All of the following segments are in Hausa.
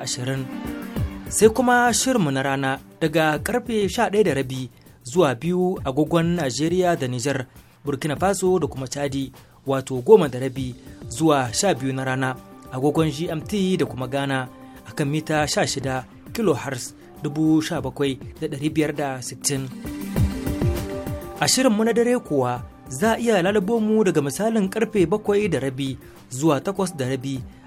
ashirin sai kuma shirmu na rana daga karfe rabi zuwa biyu agogon Najeriya da Nijar Burkina Faso da kuma Chadi wato goma da rabi zuwa 12 na rana agogon GMT da kuma Ghana akan mita 16 kilohertz 17,560 a shirinmu na dare kuwa za a iya lalabo mu daga misalin karfe 7 da rabi zuwa 8 da rabi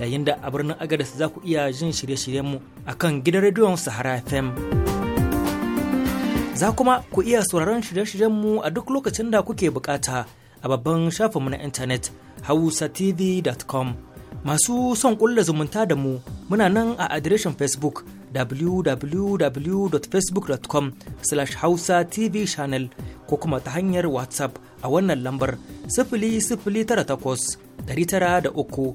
yayin da a birnin agadas za ku iya jin shirye-shiryenmu a kan gidan rediyon sahara fm za kuma ku iya sauraron shirye-shiryenmu a duk lokacin da kuke bukata a babban shafinmu na intanet hausatv.com masu son kulla zumunta da mu muna nan a adireshin facebook www.facebook.com slash hausa tv channel ko kuma ta hanyar whatsapp a wannan lambar da 903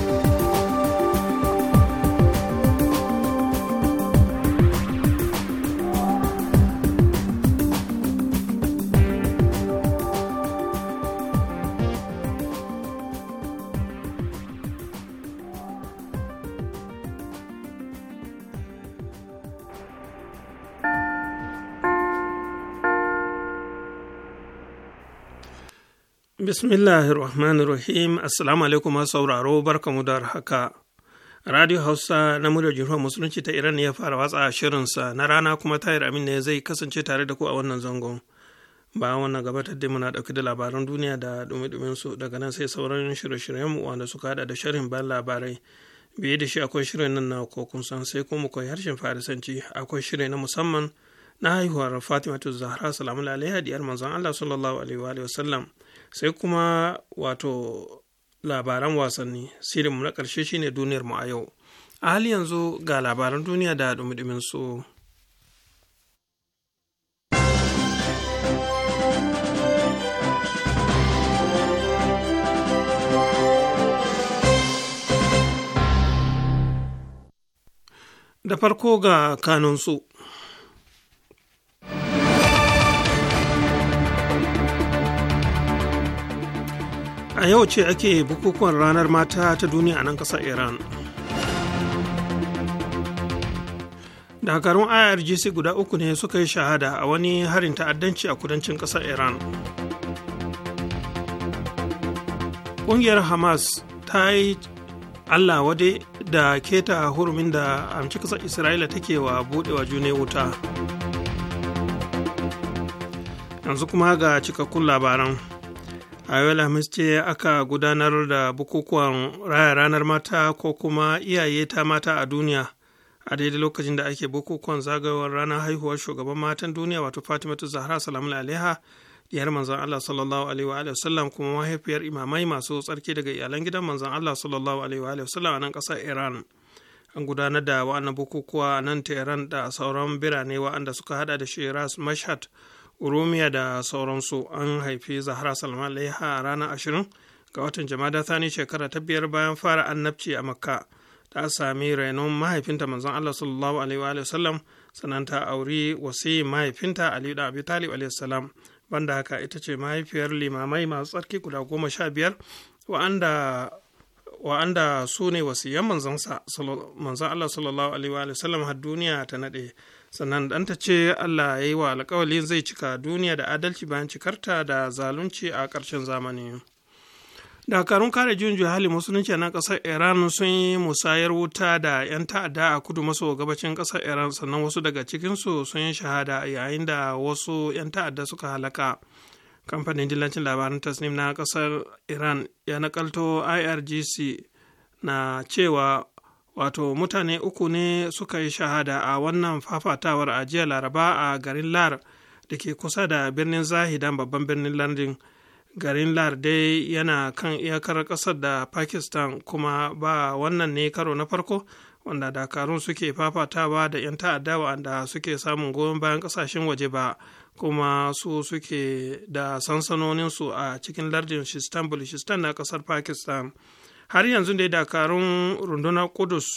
Bismillahir Rahmanir Rahim, Assalamu alaikum sauraro barkamu da haka. Radio Hausa na muryar jihar Musulunci ta Iran ya fara watsa shirinsa na rana kuma tayar amin ne zai kasance tare da ku a wannan zangon. ba wannan gabatar da muna dauki da labaran duniya da dumi su daga nan sai sauran shirye-shiryenmu wanda suka hada da sharhin ban labarai. Biye da shi akwai shirin nan na kokun san sai kuma koyi harshen Farisanci akwai shirin na musamman na haihuwar fatimatu zahra salamu alaiha diyar manzon allah sallallahu alaihi wa sallam sai kuma wato labaran wasanni mu na karshe shine duniyar mu a yau a hali yanzu ga labaran duniya da dumi su. da farko ga kanunsu a yau ce ake bukukuwan ranar mata ta duniya a nan ƙasar iran dakarun irgc guda uku ne suka yi shahada a wani harin ta'addanci a kudancin ƙasar iran ƙungiyar hamas ta yi allah wade da keta hurumin da amci kasar isra'ila take wa buɗewa june wuta yanzu kuma ga cikakkun labaran a yau alhamis ce aka gudanar da bukukuwan raya ranar mata ko kuma iyaye ta mata a duniya a daidai lokacin da ake bukukuwan zagayowar ranar haihuwar shugaban matan duniya wato fatimatu zahra salamu alaiha diyar manzon allah sallallahu alaihi wa sallam kuma mahaifiyar imamai masu tsarki daga iyalan gidan manzon allah sallallahu alaihi wa sallam a nan kasar iran an gudanar da wa'annan bukukuwa a nan tehran da sauran birane wa'anda suka hada da ras mashhad urumiya da sauransu an haifi zahra salma Laiha a ranar ashirin ga watan jama'a thani shekara ta biyar bayan fara annabci a makka ta sami rainon mahaifinta manzon allah sallallahu alaihi wa sallam sannan ta auri wasi mahaifinta Ali da abi talib alaihi salam banda haka ita ce mahaifiyar limamai masu tsarki guda goma sha biyar wa'anda wa'anda su ne wasiyan manzansa manzan Allah sallallahu alaihi wa sallam har duniya ta nade sannan dan ta ce Allah ya yi wa alkawalin zai cika duniya da adalci bayan cikarta da zalunci a ƙarshen zamani dakarun kare juyin hali musulunci na ƙasar iran sun yi musayar wuta da 'yan ta'adda a kudu maso gabacin ƙasar iran sannan wasu daga cikinsu sun yi shahada yayin da wasu 'yan ta'adda suka halaka kamfanin dillancin labaran tasnim na ƙasar iran ya nakalto irgc na cewa wato mutane uku ne suka yi shahada a wannan fafatawar a laraba a garin lar da ke kusa da birnin zahidan babban birnin Landin garin lar dai yana kan iyakar ƙasar da pakistan kuma ba wannan ne karo na farko wanda dakarun suke fafatawa da 'yan ta'adda wanda suke samun goyon bayan kasashen waje ba kuma su suke da sansanoninsu a cikin lardin shistanbul shistan na kasar pakistan har yanzu dai dakarun rundunar kudus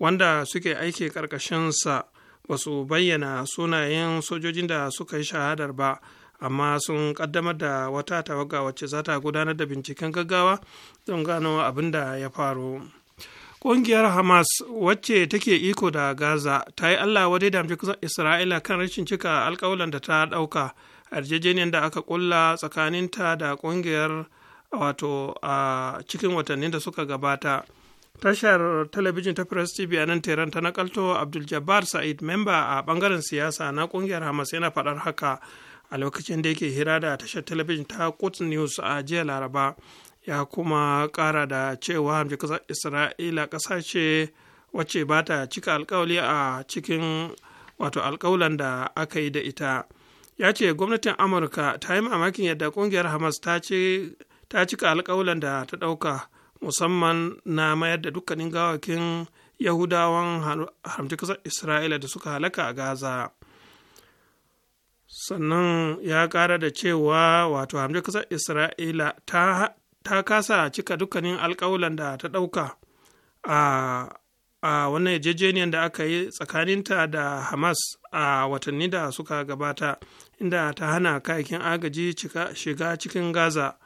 wanda suke aiki ƙarƙashinsa ba su bayyana sunayen sojojin da suka yi shahadar ba amma sun ƙaddamar da wata tawaga wacce za ta gudanar da binciken gaggawa don gano abin da ya faru ƙungiyar hamas wacce take iko da gaza ta yi allah wadai da isra'ila kan rashin cika alkawalan da ta ɗauka a da aka ƙulla tsakaninta da ƙungiyar wato a cikin watannin da suka gabata tashar talabijin ta press tv a nan teran ta nakalto abdul sa'id memba a bangaren siyasa na kungiyar hamas yana faɗar haka a lokacin da yake hira da tashar talabijin ta Quds news a jiya laraba ya kuma ƙara da cewa hamji ƙasar isra'ila ƙasa ce wacce ba ta cika alkawali a cikin wato alkawalan da aka yi da ita ya ce gwamnatin amurka ta yi mamakin yadda ƙungiyar hamas ta ce ta cika alkawalan da ta ɗauka musamman na mayar da dukkanin gawakin yahudawan haramci kasar isra'ila da suka halaka a gaza sannan ya kara da cewa wato haramci kasar isra'ila ta, kasa cika dukkanin alkawalan da ta ɗauka a a wannan yarjejeniyar da aka yi tsakaninta da hamas a watanni da suka gabata inda ta hana kayakin agaji shiga cikin gaza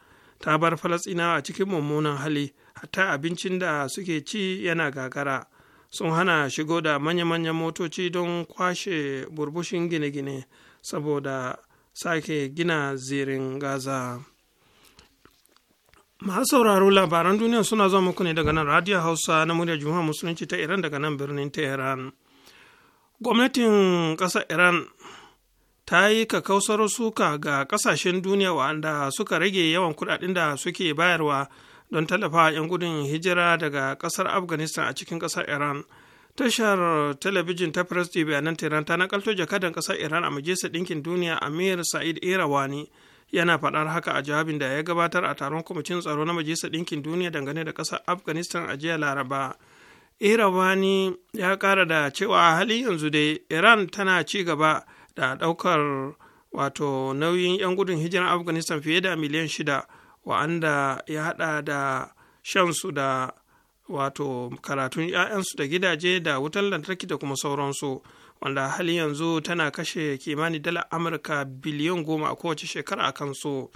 ta bar falasɗinawa a cikin mummunan hali hatta abincin da suke ci yana gagara sun hana shigo da manya-manyan motoci don kwashe burbushin gine-gine saboda sake gina zirin gaza masu sauraro labaran duniya suna zuwa muku ne daga nan radio hausa na murya juma musulunci ta iran daga nan birnin tehran gwamnatin ƙasar iran ta yi kakausar suka ga kasashen duniya wa'anda suka rage yawan kudaden da suke bayarwa don tallafa 'yan gudun hijira daga kasar afghanistan a cikin kasar iran tashar talabijin ta press tv a nan tehran ta nakalto jakadan kasar iran a majalisar ɗinkin duniya amir sa'id irawani yana faɗar haka a jawabin da ya gabatar a taron kwamitin tsaro na majalisar ɗinkin duniya dangane da ƙasar afghanistan a jiya laraba irawani ya ƙara da cewa a halin yanzu dai iran tana ci gaba da ɗaukar wato nauyin 'yan gudun hijirar afghanistan fiye da miliyan shida wa'anda ya haɗa da shansu da wato karatun 'ya'yansu da gidaje da wutar lantarki da kuma sauransu wanda hali yanzu tana kashe kimanin dalar amurka biliyan goma a kowace shekara a kansu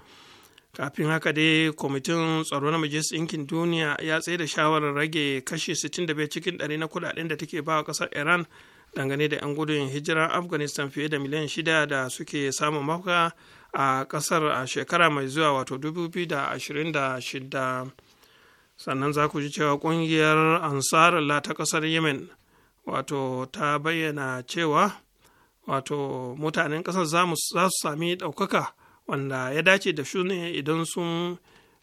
kafin haka dai kwamitin tsaro na majalisar ɗinkin duniya ya tsaye da shawarar rage kashe 65 cikin ɗari na kudaden da take ba wa ƙasar iran dangane da 'yan gudun hijirar afghanistan fiye da miliyan shida da suke samun mafaka a kasar a shekara mai zuwa wato 2026 sannan za ku ji cewa kungiyar la ta kasar yemen wato ta bayyana cewa wato mutanen kasar za su sami ɗaukaka wanda ya dace da su ne idan sun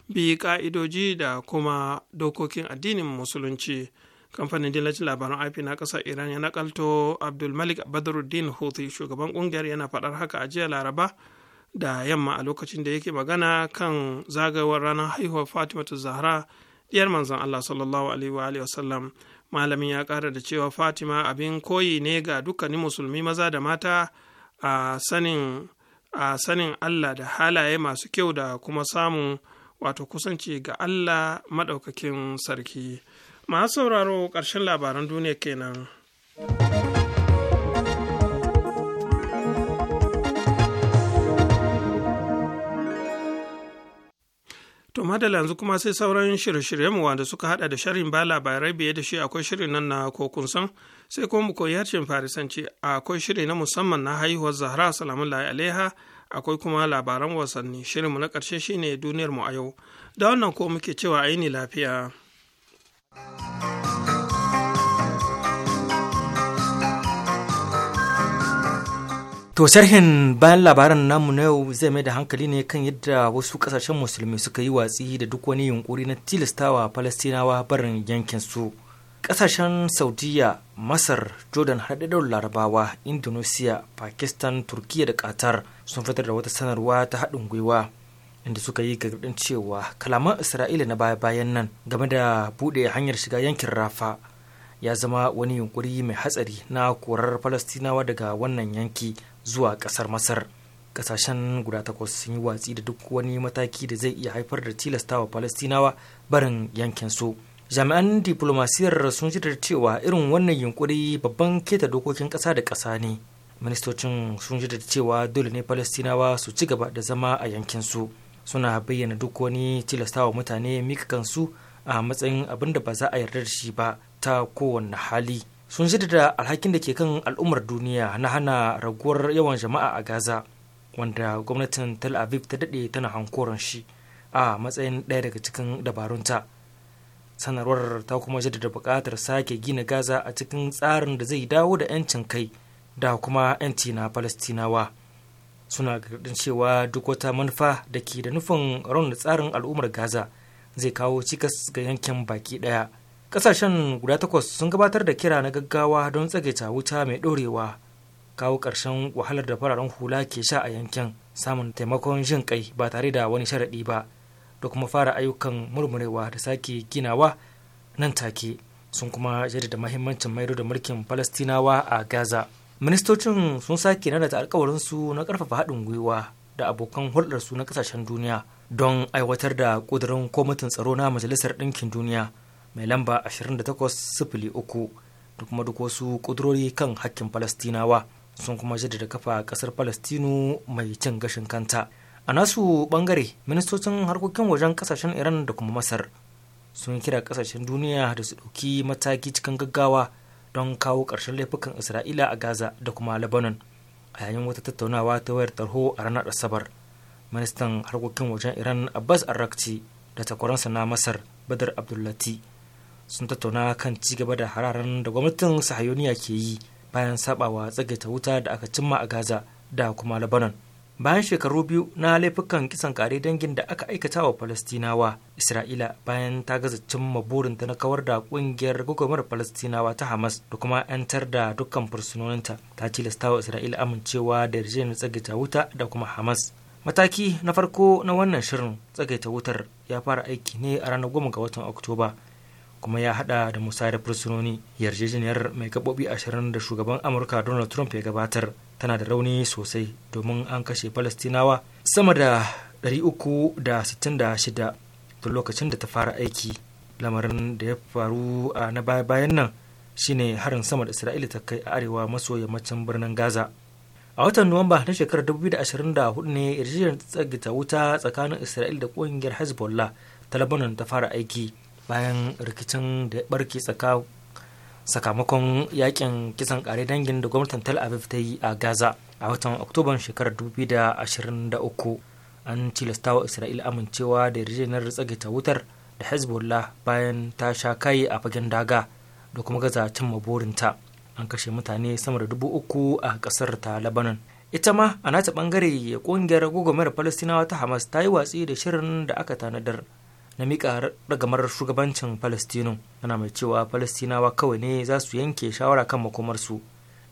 bi ƙa'idoji da kuma dokokin addinin musulunci kamfanin dillacin labaran ip na kasar iran ya nakalto abdulmalik badruddin houthi shugaban kungiyar yana faɗar haka a jiya laraba da yamma a lokacin da yake magana kan zagayowar ranar haihuwar fatima ta zahra diyar manzon allah sallallahu alaihi wa wasallam malamin ya ƙara da cewa fatima abin koyi ne ga dukkanin musulmi maza da mata a sanin a sanin allah da halaye masu kyau da kuma samun wato kusanci ga allah maɗaukakin sarki masu sauraro ƙarshen labaran duniya kenan. To yanzu kuma sai sauran shirye mu wanda suka hada da sharhin ba labarai biye da shi akwai shirin nan na kokun san sai kuma mu koyi harshen farisanci akwai shiri na musamman na haihuwar Zahra salamullahi alaiha akwai kuma labaran wasanni shirinmu na ƙarshe shine duniyar mu a yau da wannan ko muke cewa aini lafiya. To sharhin bayan labaran namu na yau zai mai da hankali ne kan yadda wasu kasashen musulmi suka yi watsi da duk wani yunkuri na tilastawa Falastinawa barin yankin su. Kasashen Saudiya, Masar, Jordan haɗaɗɗen Larabawa, Indonesia, Pakistan, Turkiyya da Qatar sun fitar da wata sanarwa ta haɗin gwiwa inda suka yi gargaɗin cewa kalaman isra'ila na baya-bayan nan game da buɗe hanyar shiga yankin rafa ya zama wani yunkuri mai hatsari na korar falastinawa daga wannan yanki zuwa ƙasar masar ƙasashen guda takwas sun yi watsi da duk wani mataki da zai iya haifar da tilasta wa falastinawa barin yankin su jami'an diplomasiyar sun ji da cewa irin wannan yunkuri babban keta dokokin ƙasa da ƙasa ne ministocin sun ji da cewa dole ne falastinawa su ci gaba da zama a yankin su suna bayyana duk wani tilastawa mutane mika kansu a matsayin abin da ba za a yarda da shi ba ta kowane hali sun da alhakin da ke kan al'ummar duniya na hana raguwar yawan jama'a a gaza wanda gwamnatin tel aviv ta daɗe tana hankoron shi a matsayin ɗaya daga cikin dabarunta sanarwar ta kuma jaddada buƙatar sake gina gaza a cikin tsarin da zai dawo da 'yancin kai da kuma 'yanci na falastinawa suna gargaɗin cewa duk wata manufa da ke da nufin raunin tsarin al'ummar gaza zai kawo cikas ga yankin baki ɗaya ƙasashen guda takwas sun gabatar da kira na gaggawa don tsagaita wuta mai ɗorewa kawo ƙarshen wahalar da fararen hula ke sha a yankin samun taimakon jin kai ba tare da wani sharaɗi ba da kuma fara ayyukan murmurewa da sake ginawa nan take sun kuma jaddada mahimmancin maido da mulkin falastinawa a gaza ministocin sun sake nada alkawarin su na karfafa haɗin gwiwa da abokan hulɗar su na kasashen duniya don aiwatar da ƙudurin kwamitin tsaro na majalisar ɗinkin duniya mai lamba 28.3 da kuma duk wasu ƙudurori kan hakkin falastinawa sun kuma jaddada kafa ƙasar falastinu mai cin gashin kanta a nasu bangare ministocin harkokin wajen kasashen iran da kuma masar sun kira kasashen duniya da su ɗauki mataki cikin gaggawa don kawo ƙarshen laifukan isra'ila a gaza da kuma lebanon a yayin wata tattaunawa ta wayar tarho a ranar asabar ministan harkokin wajen iran abbas arrakci da takwaransa na masar badar abdullati sun tattauna kan ci gaba da hararen da gwamnatin sahayoniya ke yi bayan sabawa tsagaita wuta da aka cimma a gaza da kuma lebanon bayan shekaru biyu na laifukan kisan kare dangin da aka aikata wa falastinawa isra'ila bayan ta gaza cimma burinta na kawar da kungiyar gwagwarmar falastinawa ta hamas da kuma 'yantar da dukkan fursunoninta ta tilasta wa isra'ila amincewa da yarjejeniyar tsagaita wuta da kuma hamas mataki na farko na wannan shirin tsagaita wutar ya fara aiki ne a ranar goma ga watan oktoba kuma ya hada da musayar fursunoni yarjejeniyar mai gaɓoɓi ashirin da shugaban amurka donald trump ya gabatar tana da rauni sosai domin an kashe falastinawa sama da 366 tun lokacin da ta fara aiki lamarin da ya faru a na bayan nan shine harin sama da isra'ila ta kai a arewa maso yammacin birnin gaza a watan nuwamba na shekarar 2024 ne yarjejeniyar tsagita wuta tsakanin isra'ila da ƙungiyar hezbollah ta ta fara aiki bayan rikicin da ya barke sakamakon yakin kisan kare dangin da gwamnatin tel aviv ta yi a gaza a watan oktoban shekarar 2023 an tilasta wa isra'ila amincewa da yarjejeniyar tsagaita wutar da hezbollah bayan ta sha kai a fagen daga da kuma gaza ma burinta an kashe mutane sama da dubu uku a kasar ta labanan ita ma a nata bangare kungiyar gugumar falastinawa ta hamas ta yi watsi da shirin da aka tanadar na miƙa ragamar shugabancin palestino yana mai cewa palestinawa kawai ne za su yanke shawara kan makomarsu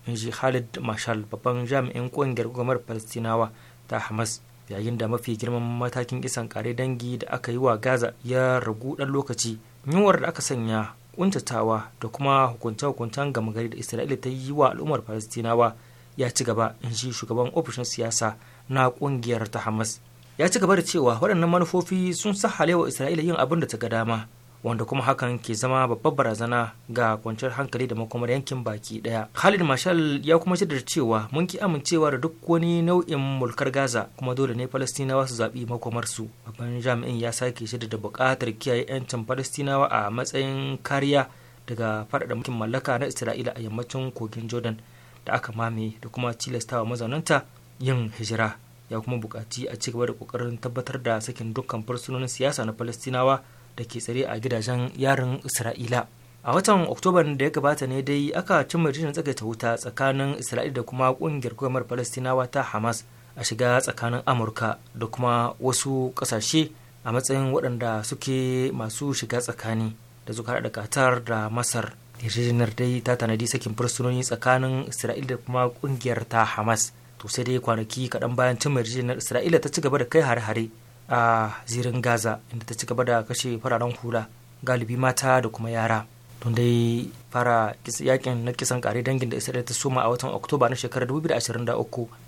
in ji khalid mashal babban jami'in ƙungiyar gwamnar palestinawa ta hamas yayin da mafi girman matakin isan kare dangi da aka yi wa gaza ya ragu ɗan lokaci yunwar da aka sanya kuntatawa da kuma hukunce-hukuncen gama gari da isra'ila ta yi wa al'ummar palestinawa ya ci gaba in ji shugaban ofishin siyasa na ƙungiyar ta hamas ya ci gaba da cewa waɗannan manufofi sun sahale wa isra'ila yin abin da ta ga dama wanda kuma hakan ke zama babbar barazana ga kwanciyar hankali da makomar yankin baki daya khalid marshal ya kuma da cewa mun ki amincewa da duk wani nau'in mulkar gaza kuma dole ne falastinawa su zaɓi makomar su babban jami'in ya sake shaidar da buƙatar kiyaye 'yancin falastinawa a matsayin kariya daga faɗaɗa mulkin mallaka na isra'ila a yammacin kogin jordan da aka mame da kuma tilastawa mazaunanta yin hijira ya kuma bukaci a ci da kokarin tabbatar da sakin dukkan fursunonin siyasa na falastinawa da ke tsare a gidajen yarin isra'ila a watan oktoban da ya gabata ne dai aka cimma rijiyar tsagaita wuta tsakanin isra'ila da kuma kungiyar gwamnatin falastinawa ta hamas a shiga tsakanin amurka da kuma wasu kasashe a matsayin waɗanda suke masu shiga tsakani da suka da katar da masar yarjejeniyar dai ta tanadi sakin fursunoni tsakanin isra'ila da kuma kungiyar ta hamas to sai dai kwanaki kaɗan bayan cin yarjejeniyar isra'ila ta ci gaba da kai hare-hare a zirin gaza inda ta ci gaba da kashe fararen hula galibi mata da kuma yara don dai fara yakin na kisan kare dangin da isra'ila ta soma a watan oktoba na shekarar 2023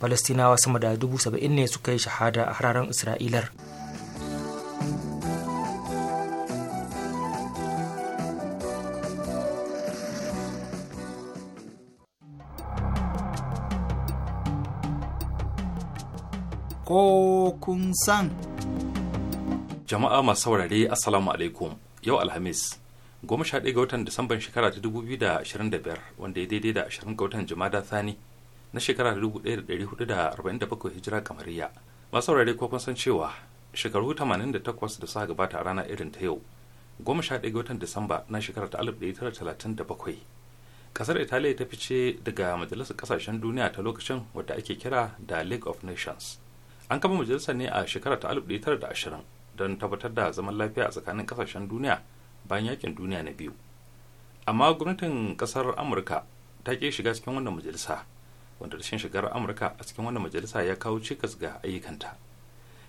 falastinawa sama da 70,000 ne suka yi shahada a hararen isra'ilar ko kun san. Jama'a masu saurare Assalamu alaikum yau Alhamis goma sha ɗaya ga watan Disamban shekara ta dubu biyu da ashirin da biyar wanda ya daidai da ashirin ga watan Jumada Thani na shekara ta dubu ɗaya da ɗari hudu da arba'in da bakwai hijira kamariya. Masu saurare ko kun san cewa shekaru tamanin da takwas da suka gabata a rana irin ta yau goma sha ɗaya ga watan Disamba na shekara ta alif ɗaya tara talatin da bakwai. Kasar Italiya ta fice daga majalisar ƙasashen duniya ta lokacin wadda ake kira da League of Nations. an kafa majalisar ne a shekarar ta 1920 don tabbatar da zaman lafiya a tsakanin kasashen duniya bayan yakin duniya na biyu amma gwamnatin kasar amurka ta ke shiga cikin wannan majalisa wanda rashin shigar amurka a cikin wannan majalisa ya kawo cikas ga ayyukanta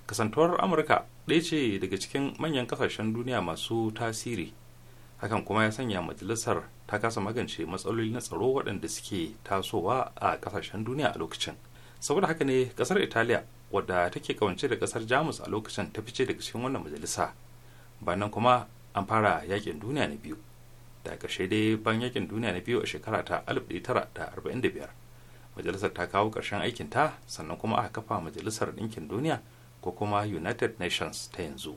kasantuwar amurka ɗaya ce daga cikin manyan kasashen duniya masu tasiri hakan kuma ya sanya majalisar ta kasa magance matsaloli na tsaro waɗanda suke tasowa a kasashen duniya a lokacin saboda haka ne kasar italiya wadda take kawance da kasar jamus a lokacin ta fice daga cikin wannan majalisa bayan kuma an fara yakin duniya na biyu da ƙarshe dai ban yakin duniya na biyu a shekara ta 1945 majalisar ta kawo ƙarshen ta sannan kuma aka kafa majalisar ɗinkin duniya ko kuma united nations ta yanzu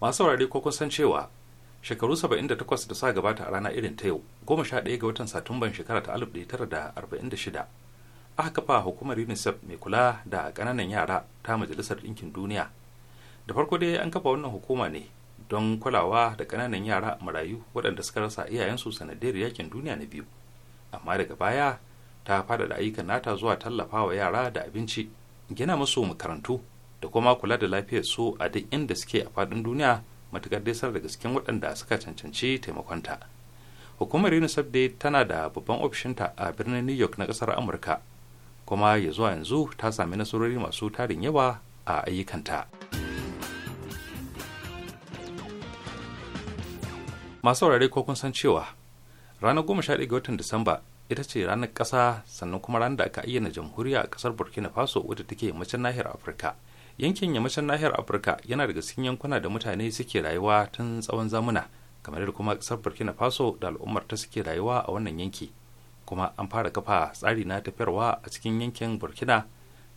masu saurare ko kusan cewa shekaru 78 da sa gabata a rana irin ta yau 11 ga watan satumban shekara ta 1946 aka kafa hukumar unicef mai kula da ƙananan yara ta majalisar ɗinkin duniya da farko dai an kafa wannan hukuma ne don kulawa da ƙananan yara marayu waɗanda suka rasa iyayensu sanadiyar yakin duniya na biyu amma daga baya ta fada da ayyukan nata zuwa tallafa wa yara da abinci gina musu makarantu da kuma kula da lafiyar su a duk inda suke a faɗin duniya matukar dai sar da gasken waɗanda suka cancanci taimakonta hukumar unicef dai tana da babban ofishinta a birnin new york na ƙasar amurka kuma ya zuwa yanzu ta sami nasarori masu tarin yawa a ayyukanta masu saurare ko kun san cewa ranar goma sha ga watan disamba ita ce ranar ƙasa sannan kuma ranar da aka ayyana jamhuriya a ƙasar burkina faso wadda take yammacin nahiyar afirka yankin yammacin nahiyar afirka yana daga cikin yankuna da mutane suke rayuwa tun tsawon zamuna kamar da kuma ƙasar burkina faso da al'ummar ta suke rayuwa a wannan yanki kuma an fara kafa tsari na tafiyarwa a cikin yankin burkina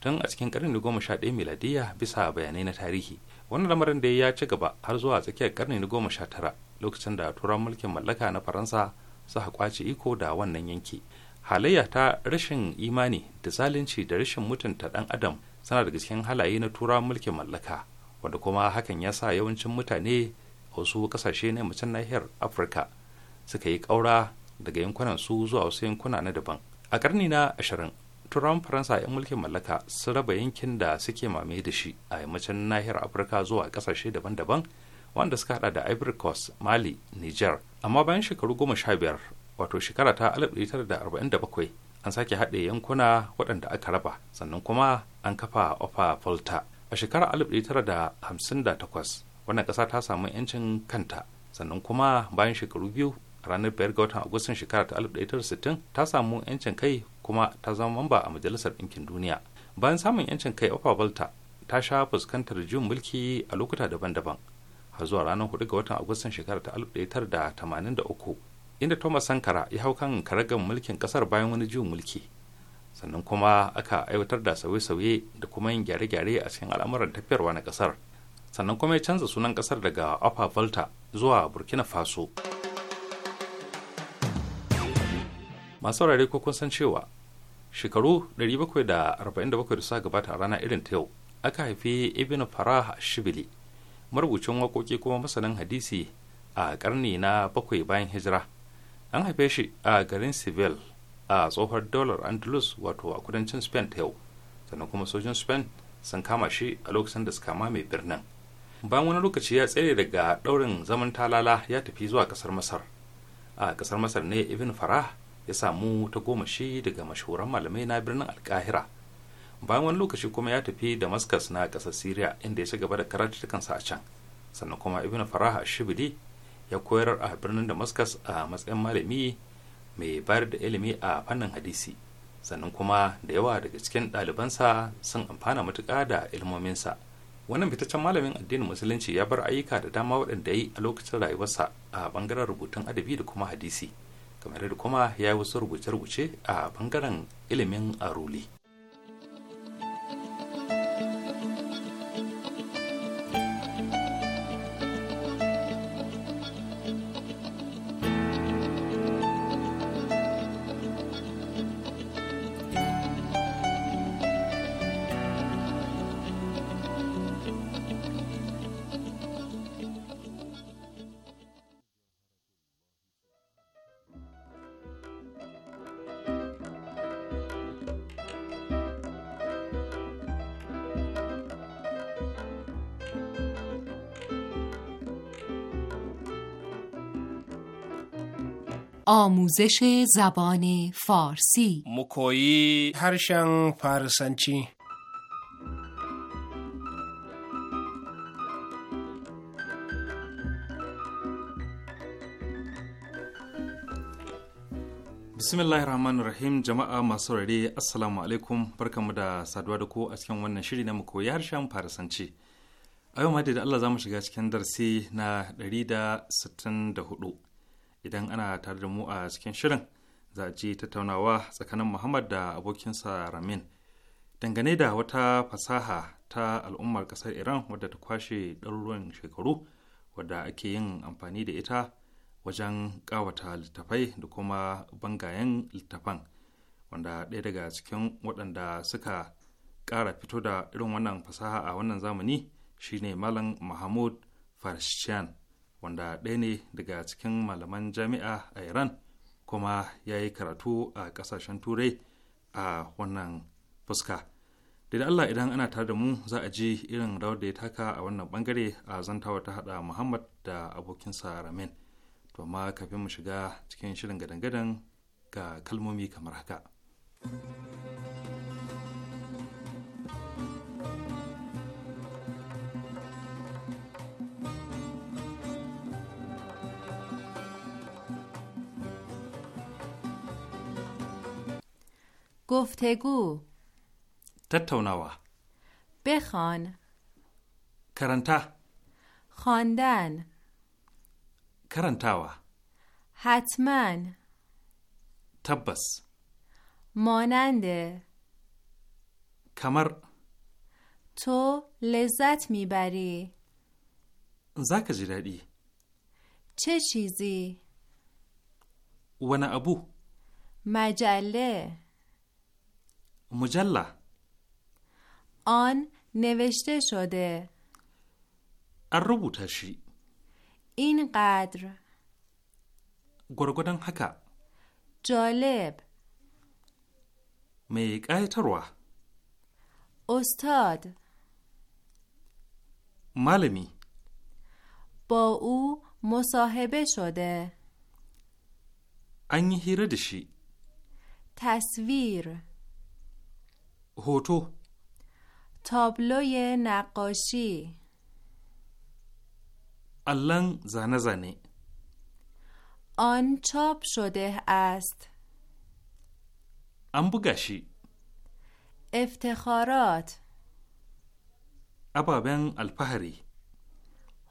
tun a cikin karni goma sha ɗaya miladiyya bisa bayanai na tarihi wani lamarin da ya ci gaba har zuwa tsakiyar karni na goma sha tara lokacin da turan mulkin mallaka na faransa suka kwace iko da wannan yanki halayya ta rashin imani da zalunci da rashin mutunta ɗan adam suna daga cikin halaye na tura mulkin mallaka wanda kuma hakan ya sa yawancin mutane a wasu kasashe na yammacin nahiyar afirka suka yi ƙaura daga yankunan su zuwa wasu yankuna na daban a karni na ashirin turawan faransa 'yan mulkin mallaka sun raba yankin da suke mame da shi a yammacin nahiyar afirka zuwa kasashe daban-daban wanda suka hada da ivory coast mali niger amma bayan shekaru goma sha biyar wato shekara ta 1947 an sake haɗe yankuna waɗanda aka raba sannan kuma an kafa ofa volta a shekarar 1958 wannan ƙasa ta samu 'yancin kanta sannan kuma bayan shekaru biyu ranar 5 ga watan agustan shekara ta 1960 ta samu 'yancin kai kuma ta zama mamba a majalisar ɗinkin duniya bayan samun 'yancin kai ofa balta ta sha fuskantar jin mulki a lokuta daban-daban har zuwa ranar 4 ga watan agustan shekara ta 1983 inda thomas sankara ya hau kan karagan mulkin kasar bayan wani jin mulki sannan kuma aka aiwatar da sauye-sauye da kuma yin gyare-gyare a cikin al'amuran tafiyarwa na kasar sannan kuma ya canza sunan kasar daga opa volta zuwa burkina faso masu rare ko kun san cewa shekaru 747 da suka gabata a rana irin ta yau aka haifi ibn farah shibili marubucin waƙoƙi kuma masanin hadisi a karni na bakwai bayan hijira an haife shi a garin seville a tsohon dollar andalus wato a kudancin spain ta yau sannan kuma sojin spain sun kama shi a lokacin da suka mame birnin bayan wani lokaci ya tsere daga daurin zaman talala ya tafi zuwa kasar masar a kasar masar ne ibn farah ya samu ta goma shi daga mashahuran malamai na birnin alkahira bayan wani lokaci kuma ya tafi damascus na kasar syria inda ya ci gaba da karatukansa a can sannan kuma ibn farah shibidi ya koyar a birnin damascus a matsayin malami mai bayar da ilimi a fannin hadisi sannan kuma da yawa daga cikin ɗalibansa sun amfana matuƙa da ilmominsa wannan fitaccen malamin addinin musulunci ya bar ayyuka da dama waɗanda ya yi a lokacin rayuwarsa a ɓangaren rubutun adabi da kuma hadisi kamar da kuma ya yi wasu rubuce-rubuce a bangaren ilimin aruli آموزش زبان فارسی مکویی هرشن فارسنچی bismillahir rahmanir rahim jama'a masu rare assalamu alaikum barkamu da saduwa da ku a cikin wannan shiri na koyi harshen farisanci a yau da Allah za mu shiga cikin darasi na 164 idan ana tare da mu a cikin shirin za a ji tattaunawa tsakanin muhammad da abokinsa ramin dangane da wata fasaha ta al'ummar kasar iran wadda ta kwashe ɗaruruwan shekaru wadda ake yin amfani da ita wajen ƙawata littafai da kuma bangayen littafan wanda ɗaya daga cikin waɗanda suka ƙara fito da irin wannan fasaha a wannan zamani shine malam mahmud farshian wanda ɗaya ne daga cikin malaman jami'a a iran kuma ya yi karatu a ƙasashen turai a wannan fuska da allah idan ana tare da mu za a ji irin rawar da ya taka a wannan bangare a zantawa ta hada muhammad da abokinsa ramin to amma kafin mu shiga cikin shirin gadan-gadan ga kalmomi kamar haka. گفتگو تتوناوا بخوان کرنتا خواندن کرنتاوا حتما تبس مانند کمر تو لذت میبری زاک زیرادی چه چیزی؟ ونا ابو مجله مجله آن نوشته شده این قدر گرگدن حکا جالب می روا استاد معلمی با او مصاحبه شده انگی هیره دشی تصویر هوتو تابلوی نقاشی الان زنه زنه آن چاپ شده است انبوگشی افتخارات ابابن الفهری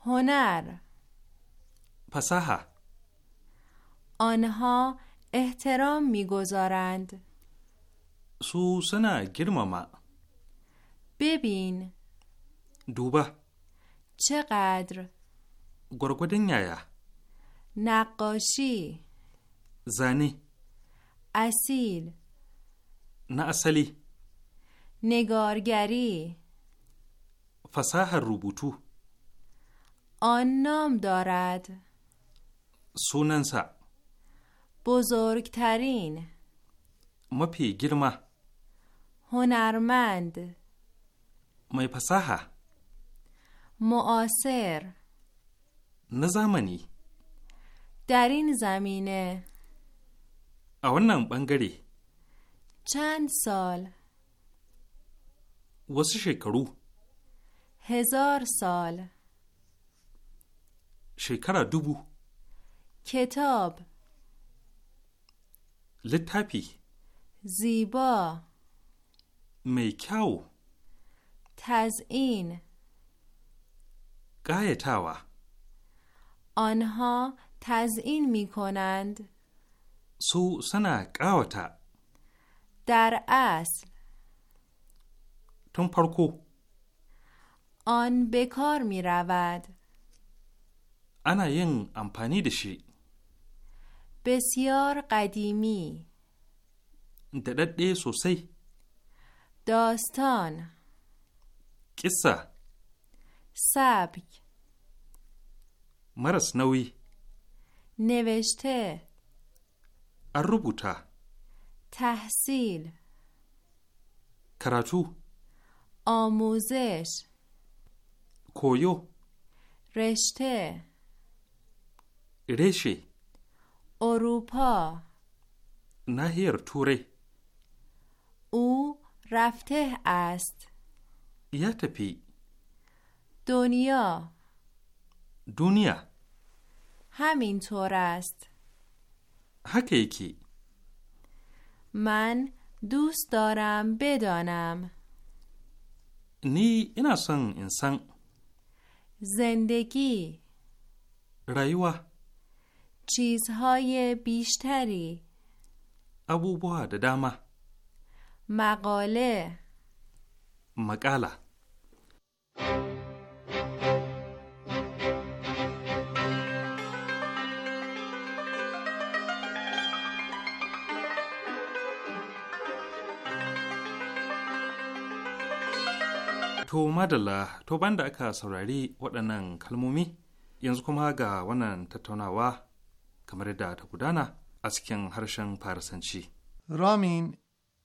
هنر پساها آنها احترام میگذارند سو سنا ما ببین دوبه چقدر گرگودن یا نقاشی زنی اصیل نه اصلی نگارگری فساح روبوتو آن نام دارد سوننسا بزرگترین مپی گرمه هنرمند مپسحه معاصر نزامنی در این زمینه اونم بنگری چند سال وسی شکرو هزار سال شکر دوبو کتاب لطفی زیبا میکاو تزئین تاوا آنها تزئین می کنند سو سنا در اصل تون پرکو آن به کار می رود انا ین امپانی دشی بسیار قدیمی دردده سوسی داستان قصه سبک مرس نوی نوشته اروبوتا تحصیل کراتو آموزش کویو رشته رشی اروپا نهیر توره او رفته است یتپی دنیا. دنیا دنیا همینطور است حقیقی من دوست دارم بدانم نی اینا سن انسان زندگی رایوا چیزهای بیشتری ابوبوها دامه. مقاله مقاله To madalla to banda aka saurari waɗannan kalmomi yanzu kuma ga wannan tattaunawa kamar da ta gudana a cikin harshen Farisanci. Ramin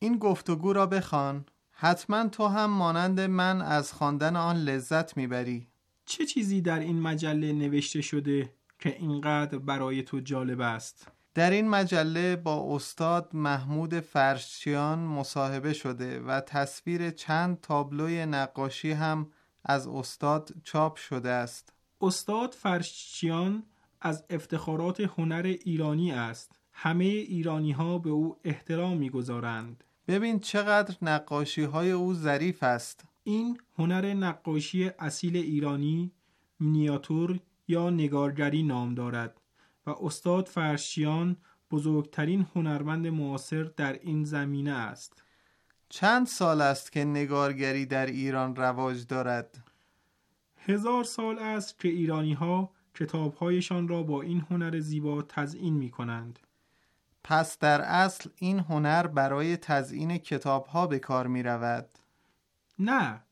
این گفتگو را بخوان حتما تو هم مانند من از خواندن آن لذت میبری چه چیزی در این مجله نوشته شده که اینقدر برای تو جالب است در این مجله با استاد محمود فرشچیان مصاحبه شده و تصویر چند تابلوی نقاشی هم از استاد چاپ شده است استاد فرشچیان از افتخارات هنر ایرانی است همه ایرانی ها به او احترام میگذارند ببین چقدر نقاشی های او ظریف است این هنر نقاشی اصیل ایرانی مینیاتور یا نگارگری نام دارد و استاد فرشیان بزرگترین هنرمند معاصر در این زمینه است چند سال است که نگارگری در ایران رواج دارد؟ هزار سال است که ایرانی ها کتابهایشان را با این هنر زیبا تزئین می کنند. پس در اصل این هنر برای تزیین کتاب ها به کار می رود؟ نه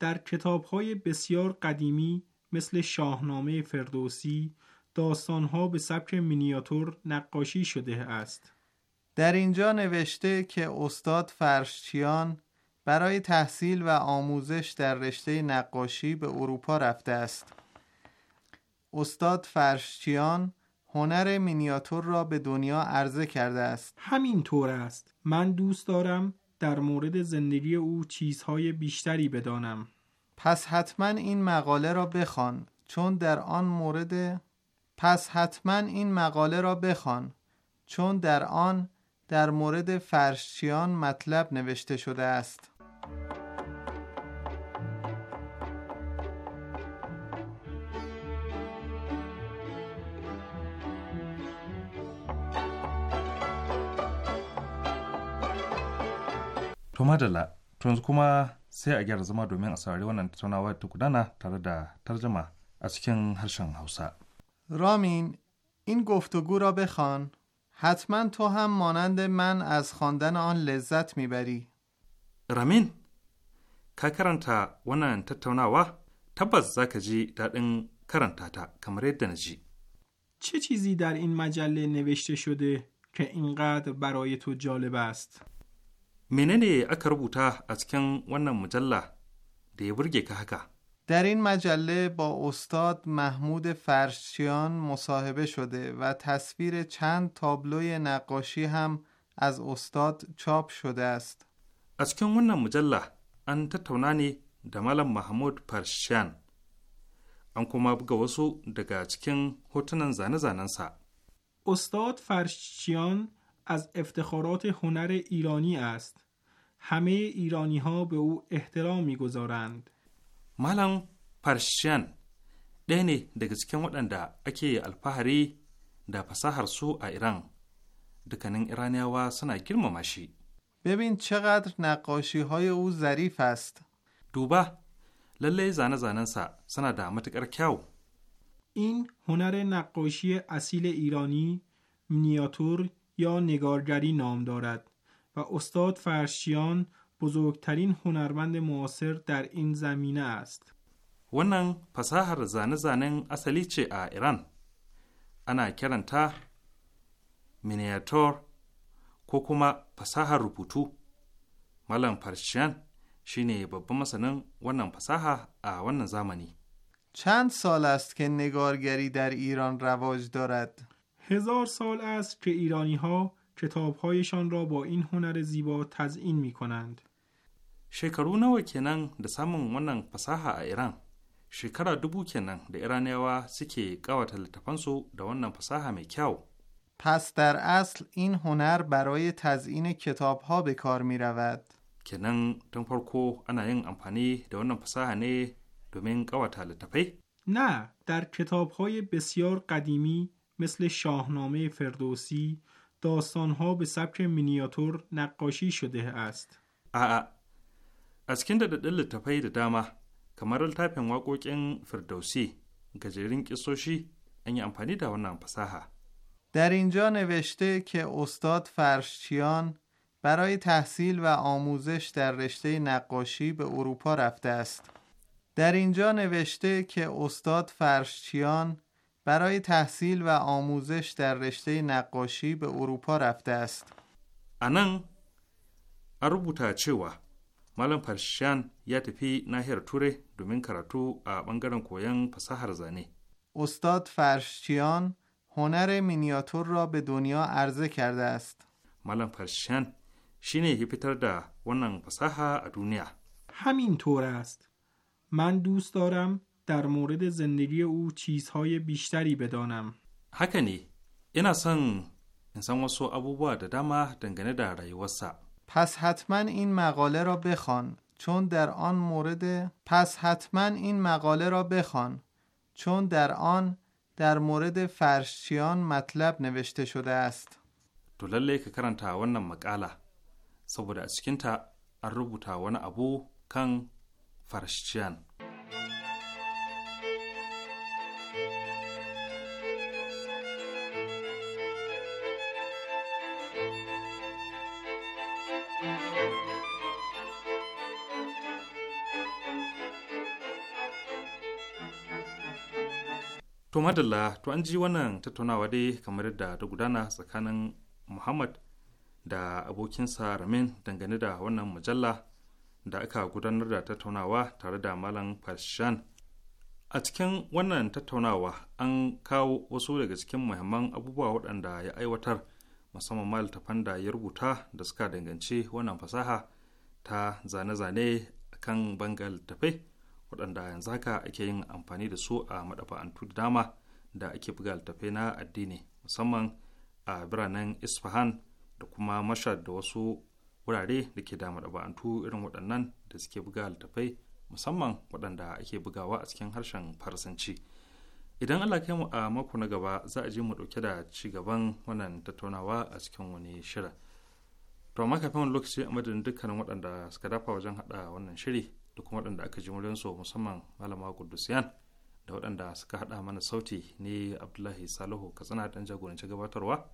در کتاب های بسیار قدیمی مثل شاهنامه فردوسی داستان ها به سبک مینیاتور نقاشی شده است در اینجا نوشته که استاد فرشچیان برای تحصیل و آموزش در رشته نقاشی به اروپا رفته است استاد فرشچیان هنر مینیاتور را به دنیا عرضه کرده است همین طور است من دوست دارم در مورد زندگی او چیزهای بیشتری بدانم پس حتما این مقاله را بخوان چون در آن مورد پس حتما این مقاله را بخوان چون در آن در مورد فرشچیان مطلب نوشته شده است madalla to yanzu kuma sai a gyara zama domin a saurari wannan tattaunawa ta gudana tare da tarjama a cikin harshen Hausa. رامین این گفتگو را بخوان hatman to ham manand man az خواندن an لذت میبری رامین ka karanta wannan tattaunawa tabbas za ka ji daɗin karanta ta kamar yadda na ji. چه چیزی در این مجله نوشته شده که اینقدر برای تو جالب است؟ menene aka rubuta a cikin wannan mujalla da ya burge ka haka در این مجله با استاد محمود فرشیان مصاحبه شده و تصویر چند تابلوی نقاشی هم از استاد چاپ شده است. از کن ون مجله ان تتونانی دمال محمود فرشیان ان کما بگا وسو دگا چکن هوتنن زانه زانن سا. استاد فرشیان از افتخارات هنر ایرانی است همه ایرانی ها به او احترام میگذارند مالم پرشین ɗaya ne daga cikin دا اکی alfahari دا fasahar سو ایران دکنن ایرانی و سنا girmama ماشی ببین چقدر نقاشی های او ظریف است. دوبه للی زانه زانن سا سنا دا متکر کیاو. این هنر نقاشی اصیل ایرانی مینیاتور یا نگارگری نام دارد و استاد فرشیان بزرگترین هنرمند معاصر در این زمینه است. ونن پساهر زانه زانن اصلی چه ایران انا کرن تا مینیاتور کوکوما فساهر روپوتو ملن فرشیان شینه بابا مسنن ونن فساهر آ ونن زامنی چند سال است که نگارگری در ایران رواج دارد؟ هزار سال است که ایرانی ها کتابهایشان را با این هنر زیبا تزئین می کنند. shekaru و کنن da سامن ونن پساها ایران شکر دوبو کنن kenan ایرانی ها سکی قوات لطفانسو da ونن پساها می پس در اصل این هنر برای تزئین کتاب ها به کار می رود. کنن تن فرکو انا ین امپانی ده ونن فساحه نه دومین قوات لتفی؟ نه، در کتاب بسیار قدیمی مثل شاهنامه فردوسی ها به سبک مینیاتور نقاشی شده است. از کنده دل دل فردوسی، فردوسی در اینجا نوشته که استاد فرشچیان برای تحصیل و آموزش در رشته نقاشی به اروپا رفته است. در اینجا نوشته که استاد فرشچیان برای تحصیل و آموزش در رشته نقاشی به اروپا رفته است. آنن اروبوتا چوا مالن پرشان یا تفی ناهیر توره دومین کراتو بنگرن کویان فساهر زنه. استاد فرشچیان هنر مینیاتور را به دنیا عرضه کرده است. مالن پرشان شینه یه دا ونن ا دنیا. همین طور است. من دوست دارم در مورد زندگی او چیزهای بیشتری بدانم. هکنی، این سن انسان واسو ابو ده داما دنگنه در رایوسا. پس حتما این مقاله را بخوان چون در آن مورد پس حتما این مقاله را بخوان چون در آن در مورد فرشیان مطلب نوشته شده است. تو که ka karanta wannan مقاله saboda a cikinta an rubuta wani abu madalla to an ji wannan tattaunawa dai kamar yadda ta gudana tsakanin muhammad da abokinsa ramin dangane da wannan mujalla da aka gudanar da tattaunawa tare da malam fashan a cikin wannan tattaunawa an kawo wasu daga cikin muhimman abubuwa waɗanda ya aiwatar musamman ma littafan da ya rubuta da suka danganci wannan fasaha ta zane-zane kan bangal tafai waɗanda yanzu haka ake yin amfani da su a madafa'antu da dama da ake buga littattafai na addini musamman a biranen isfahan da kuma mashad da wasu wurare da ke da madafa'antu irin waɗannan da suke buga littattafai musamman waɗanda ake bugawa a cikin harshen farsanci idan allah kai mu a mako na gaba za a je mu ɗauke da ci gaban wannan tattaunawa a cikin wani shirin to amma kafin wani lokaci a madadin dukkanin waɗanda suka dafa wajen haɗa wannan shiri da kuma waɗanda aka ji su musamman malama kudusiyan da waɗanda suka haɗa mana sauti ne abdullahi salihu katsina dan jagoranci gabatarwa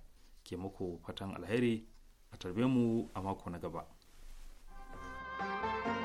ke muku fatan alheri a tarbe mu a mako na gaba. thank you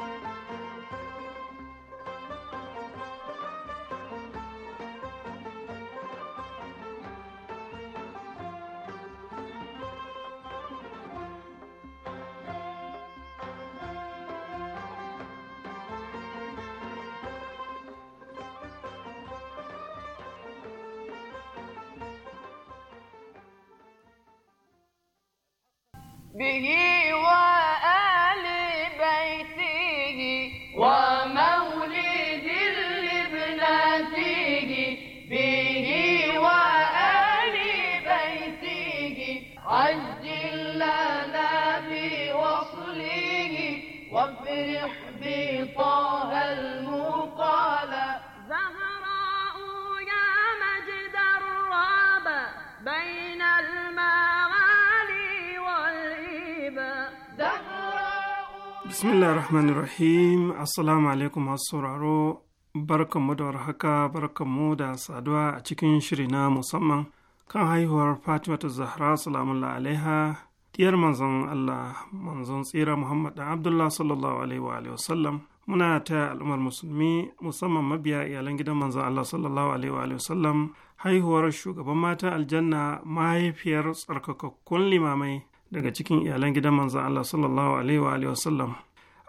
rahmanir rahim assalamu alaikum masu sauraro mu da warhaka mu da saduwa a cikin shiri na musamman kan haihuwar Fatima ta zahra salamullah alaiha diyar manzon allah manzon tsira muhammad dan abdullah sallallahu alaihi wa wasallam muna ta al'ummar musulmi musamman mabiya iyalan gidan manzon allah sallallahu alaihi wa wasallam haihuwar shugaban mata aljanna mahaifiyar tsarkakakkun limamai daga cikin iyalan gidan manzon allah sallallahu alaihi wa wasallam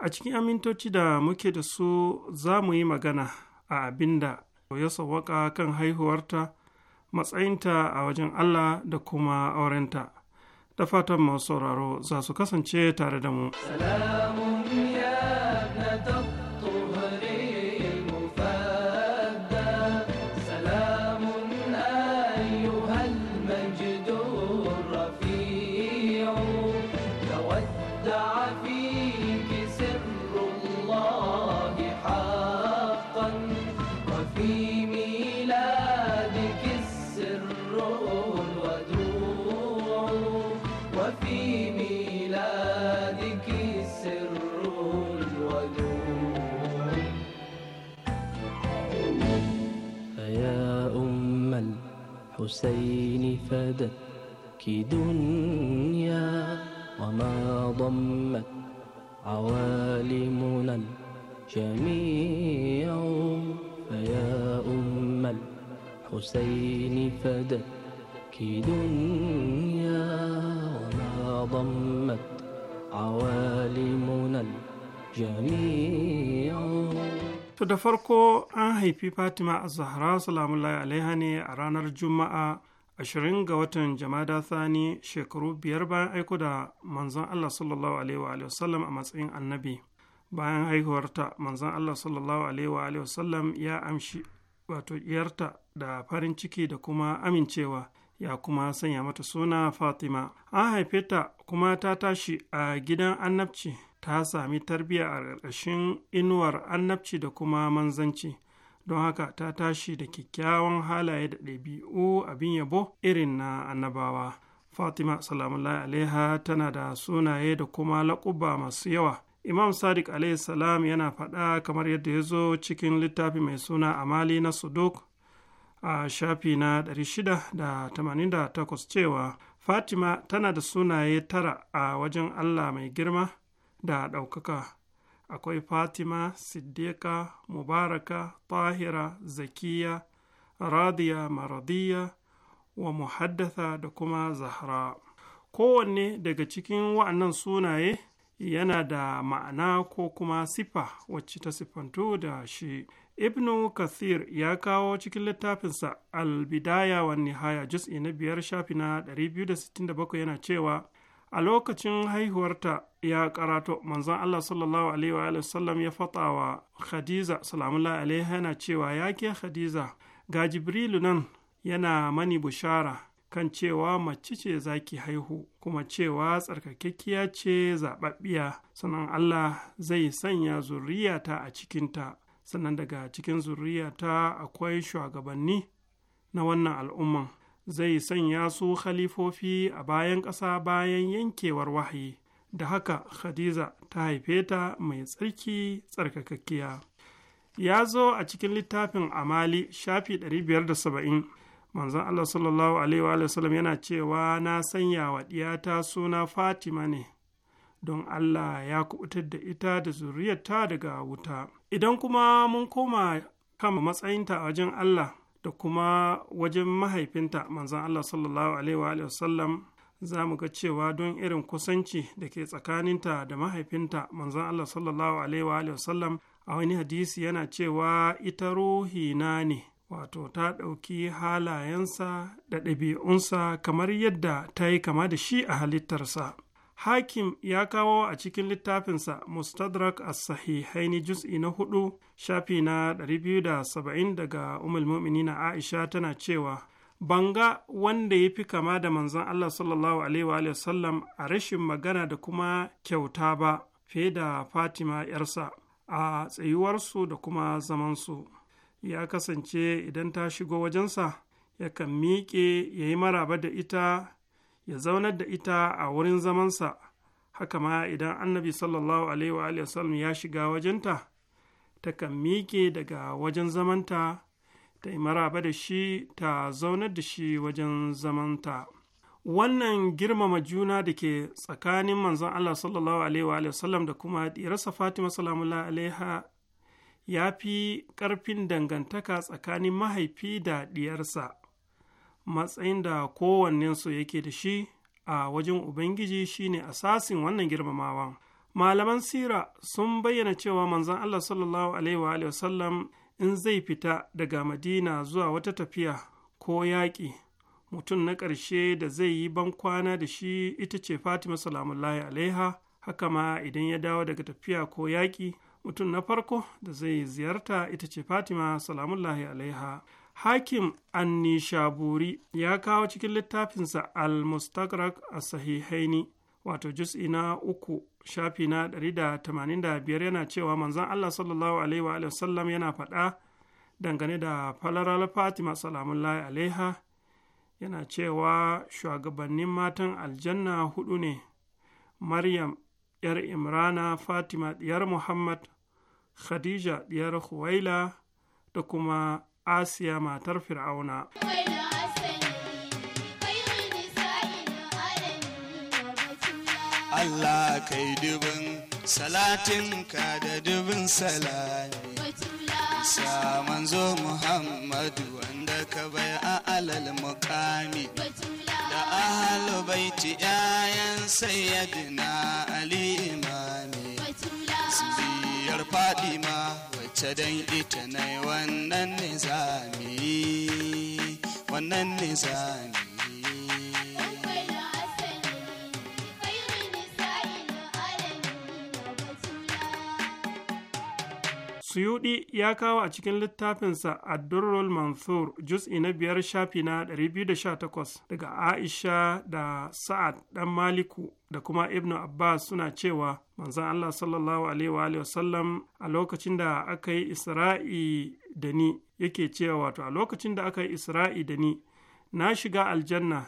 a cikin amintoci da muke da su za mu yi magana a abin da ya sawwaka kan haihuwarta matsayinta a wajen Allah da kuma aurenta da fatan masu sauraro za su kasance tare da mu. الحسين فدك دنيا وما ضمت عوالمنا الجميع فيا أم الحسين فدك دنيا وما ضمت عوالمنا الجميع To da farko an haifi Fatima a Zahra salamullahi alaiha ne a ranar Juma'a ashirin ga watan jama'a Thani shekaru biyar bayan aiko da manzon Allah sallallahu alaihi wa sallam a matsayin annabi. Bayan haihuwarta manzon Allah sallallahu alaihi wa sallam ya amshi wato iyarta da farin ciki da kuma amincewa ya kuma sanya mata suna Fatima. An haife ta kuma ta tashi a gidan annabci ta sami tarbiyya a ƙarƙashin inuwar annabci da kuma manzanci don haka ta tashi da kyakkyawan halaye da ɗabi'u abin yabo irin na annabawa fatima salamullahi alaiha tana da sunaye da kuma laƙuba masu yawa imam sadiq alaihi salam yana faɗa kamar yadda ya zo cikin littafi mai suna amali na suduk a shafi na 688 cewa fatima tana da sunaye tara a wajen allah mai girma da ɗaukaka akwai fatima siddiqa mubaraka tahira zakiya radiya maradiya wa muhaddatha da kuma zahra kowanne daga cikin wa'annan sunaye yana da ma'ana ko kuma sifa wacce ta siffantu da shi ibnu kathir ya kawo cikin littafinsa albidaya wa nihaya jus'i na biyar shafi na 267 yana cewa a lokacin haihuwarta ya karato manzon Allah sallallahu alaihi wa sallam ya faɗa wa Khadija salamullahi alaiha yana cewa ya ke Khadija ga Jibrilu nan yana mani bushara kan cewa mace ce zaki haihu kuma cewa tsarkakekkiya ce zaɓaɓɓiya sannan Allah zai sanya zuriyata a cikinta sannan daga cikin zuriyata akwai shugabanni na wannan al'umman zai sanya su khalifofi a bayan ƙasa bayan yankewar wahayi da haka khadiza ta haife ta mai tsarki tsarkakakkiya ya zo a cikin littafin amali shafi 570 manzon allah sallallahu alaihi wa yana cewa na sanya wa ɗiyata suna fatima ne don allah ya kubutar da ita da zuriyarta daga wuta idan kuma mun koma kama matsayinta a wajen allah da kuma wajen mahaifinta manzan Allah sallallahu alaihi wasallam za mu ga cewa don irin kusanci da ke tsakaninta da mahaifinta manzan Allah sallallahu alaihi wasallam a wani hadisi yana cewa ita ruhina ne wato ta ɗauki halayensa da ɗabi'unsa kamar yadda ta yi kama da shi a halittarsa. hakim ya kawo a cikin littafinsa mustadrak as-sahihaini juz'i na hudu shafi na 270 daga umul na aisha tana cewa banga wanda ya fi kama da manzon allah sallallahu alaihi wa sallam a rashin magana da kuma kyauta ba fiye da fatima yarsa a tsayuwarsu da kuma zamansu ya kasance idan ta shigo wajensa yakan miƙe ya yi maraba da ita ya zaunar da ita a wurin zamansa haka ma idan annabi sallallahu alaihi wa ya shiga wajenta ta kan miƙe daga wajen zamanta ta yi maraba da shi ta zaunar da shi wajen zamanta wannan girmama juna da ke tsakanin manzon Allah sallallahu alaihi wa da kuma ɗirarsa Fatima salamullah alaiha ya fi ƙarfin dangantaka tsakanin mahaifi da ɗiyarsa matsayin da kowannensu yake da shi a wajen ubangiji shine asasin wannan girmamawa malaman sira sun bayyana cewa manzon allah sallallahu alaihi wasallam in zai fita daga madina zuwa wata tafiya ko yaƙi mutum na ƙarshe da zai yi bankwana da shi ita ce fatima salamullahi alaiha haka ma idan ya dawo daga tafiya ko yaƙi mutum na farko da zai ziyarta ita ce fatima salamullahi alaiha hakim annishaburi ya kawo cikin littafinsa al mustakrak a sahihaini wato jus'i na uku shafi na 185 yana cewa manzon allah sallallahu alaihi wa sallam yana faɗa dangane da falaral fatima salamullahi alaiha yana cewa shugabannin matan aljanna hudu ne maryam yar imrana fatima ɗiyar muhammad khadija ɗiyar huwaila da kuma asiya matar fir'auna Allah kai dubin ka da dubin salami saman zo Muhammadu wanda ka bai a alal mukami da ahalu baiti yayan sayyadina Ali imami su biyar fadima ita dan ita ne wannan nizami wannan nizami suyuɗi ya kawo a cikin littafinsa Addurrul Manthur juz'i na biyar shafi na 218 daga Aisha da Sa'ad ɗan Maliku da kuma Ibnu Abbas suna cewa manzon Allah sallallahu alaihi wa sallam a lokacin da aka yi Isra'i da ni yake cewa wato a lokacin da aka yi Isra'i da ni na shiga aljanna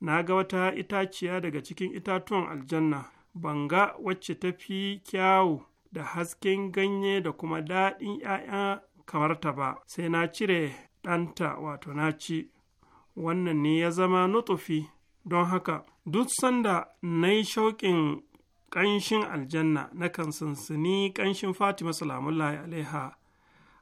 na ga wata itaciya daga cikin itatuwan aljanna banga wacce ta fi kyawu da hasken ganye da kuma daɗin ‘ya'ya kamar ta ba sai na cire ɗanta wato na ci wannan ne ya zama nutufi don haka duk sanda na yi shauƙin ƙanshin aljanna na kan sansani ƙanshin fatima salamullahi alaiha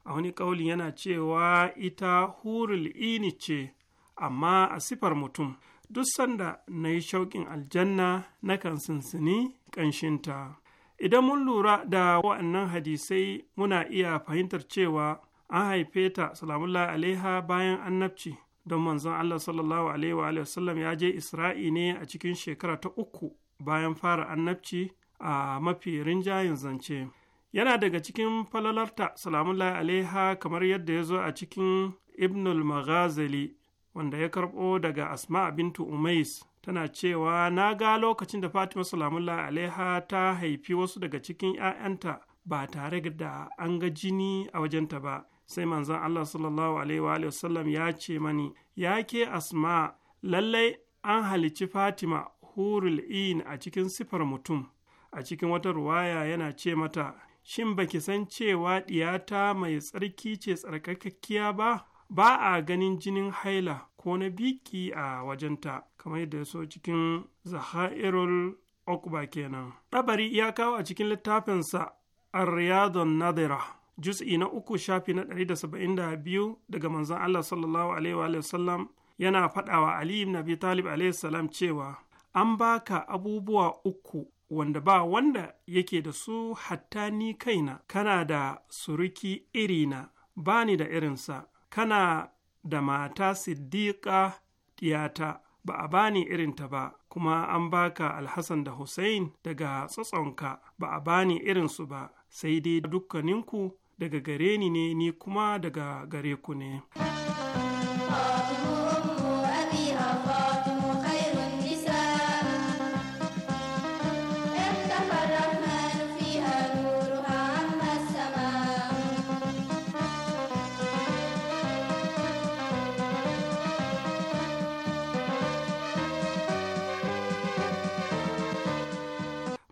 a wani ƙauli yana cewa ita hurul ini ce amma a sifar mutum duk sanda na yi shauƙin aljanna na kan sansani ƙanshinta idan mun lura da wa'annan hadisai muna iya fahimtar cewa an haife ta salamullahi alaiha bayan annabci don manzon Allah sallallahu alaihi wa sallam ya je Isra'i ne a cikin shekara ta uku bayan fara annabci a mafi rinjayen zance. Yana daga cikin falalarta salamullahi alaiha kamar yadda ya zo a cikin Ibnul Maghazali wanda ya karɓo daga Asma bintu Umais tana cewa na ga lokacin da fatima salamullah alaiha ta haifi wasu daga cikin 'ya'yanta ba tare da an ga jini a wajenta ba sai manzon allah sallallahu alaihi wasallam ya ce mani ya ke asma lallai an halici fatima hurul in a cikin sifar mutum a cikin wata ruwaya yana ce mata shin baki san cewa diyata mai tsarki ce tsarkakakkiya ba ba a ganin jinin haila ko na biki a wajenta kamar yadda so cikin zaha'irul okba kenan ɗabari ya kawo a cikin littafinsa ar-riyadun nadira juz'i na uku shafi na 172 daga manzon Allah sallallahu alaihi wa sallam yana faɗawa Ali ibn Abi Talib alaihi salam cewa an baka abubuwa uku wanda ba wanda yake da su hatta ni kaina kana da suruki irina ba ni da irinsa kana da mata siddiƙa diyata ba a bani irinta ba kuma an baka alhassan da Hussain daga tsatsonka ba a bani irinsu ba sai dai dukkaninku daga gare ni ne ni kuma daga gare ku ne.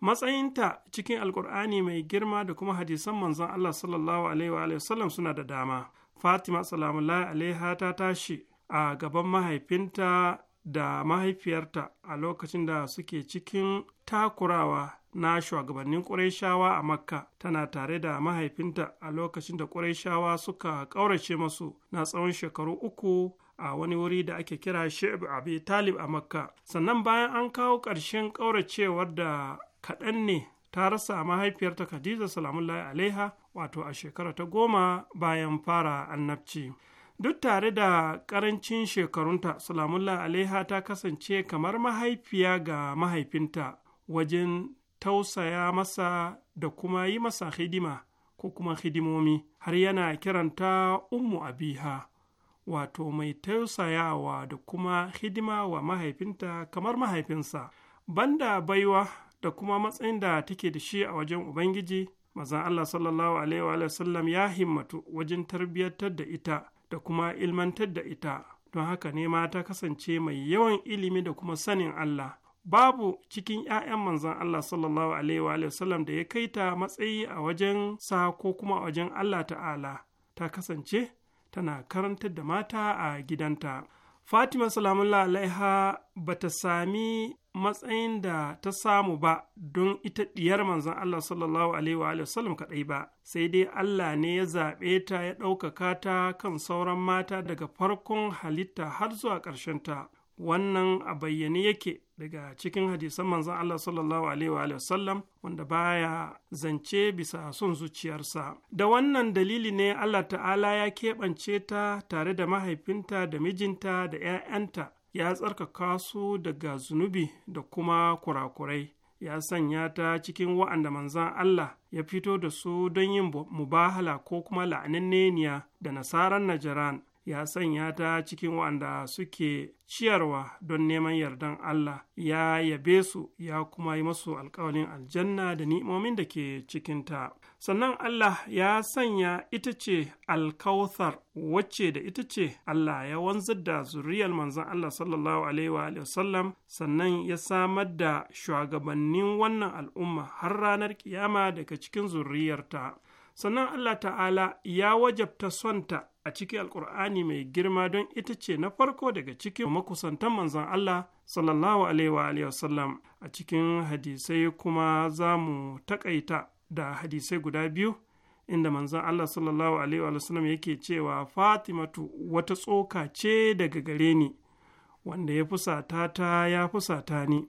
matsayinta cikin alkur'ani mai girma da kuma hadisan manzon Allah sallallahu alaihi wasallam suna da dama Fatima salamullahi alaiha ta tashi a gaban mahaifinta da mahaifiyarta a lokacin da suke cikin takurawa na shugabannin ƙurayshawa a makka tana tare da mahaifinta a lokacin da ƙurayshawa suka ƙaurace masu na tsawon shekaru uku a wani wuri da ake kira shi'ib abi a makka sannan bayan an kawo ƙarshen ƙauracewar da kaɗan ne ta rasa mahaifiyarta Khadija salamullahi alaiha wato a shekara ta goma bayan fara annabci. Duk tare da ƙarancin shekarunta salamullahi alaiha ta kasance kamar mahaifiya ga mahaifinta wajen tausaya masa da kuma yi masa hidima ko kuma hidimomi har yana kiranta ummu abiha wato mai tausayawa da kuma hidima wa mahaifinta kamar mahaifinsa banda baiwa da kuma matsayin da take da shi a wajen ubangiji mazan allah sallallahu alaihi wa sallam ya himmatu wajen tarbiyyantar da ita da kuma ilmantar da ita don haka ne ma ta kasance mai yawan ilimi da kuma sanin allah babu cikin 'ya'yan manzan Allah sallallahu alaihi wa sallam da ya kai ta matsayi a wajen sa ko kuma a wajen Allah ta'ala ta kasance tana karantar da mata a gidanta Fatima salamullah alaiha ba ta sami matsayin da ta samu ba don ita diyar manzon Allah sallallahu alaihi wa sallam kaɗai ba sai dai Allah ne ya zaɓe ta ya ɗaukaka ta kan sauran mata daga farkon halitta har zuwa ƙarshenta wannan a bayyane yake daga cikin hadisan manzon Allah sallallahu alaihi wa sallam wanda baya zance bisa son zuciyarsa da wannan dalili ne Allah ta'ala ya keɓance ta tare da mahaifinta da mijinta da 'ya'yanta ya tsarkaka su daga zunubi da kuma kurakurai ya sanya ta cikin wa'anda manzan Allah ya fito da su don yin mubahala ko kuma la'ananneniya da nasarar Najaran ya sanya ta cikin wanda suke ciyarwa don neman yardan Allah ya yabe su ya kuma yi masu alkawalin aljanna da ni'imomin da ke cikinta sannan Allah ya sanya ita ce alkawthar wacce da ita ce Allah ya wanzar da zuriyar manzon Allah sallallahu alaihi wa sallam sannan ya samar da shugabannin wannan al'umma har ranar kiyama daga cikin zuriyarta sannan Allah ta'ala ya wajabta sonta a cikin alkur'ani mai girma don ita ce na farko daga cikin makusantan manzon Allah sallallahu alaihi wasallam a cikin hadisai kuma za mu takaita da hadisai guda biyu inda manzon Allah sallallahu alaihi wasallam yake cewa Fatimatu wata tsoka ce daga gare ni wanda ya fusata ta ya fusata ni.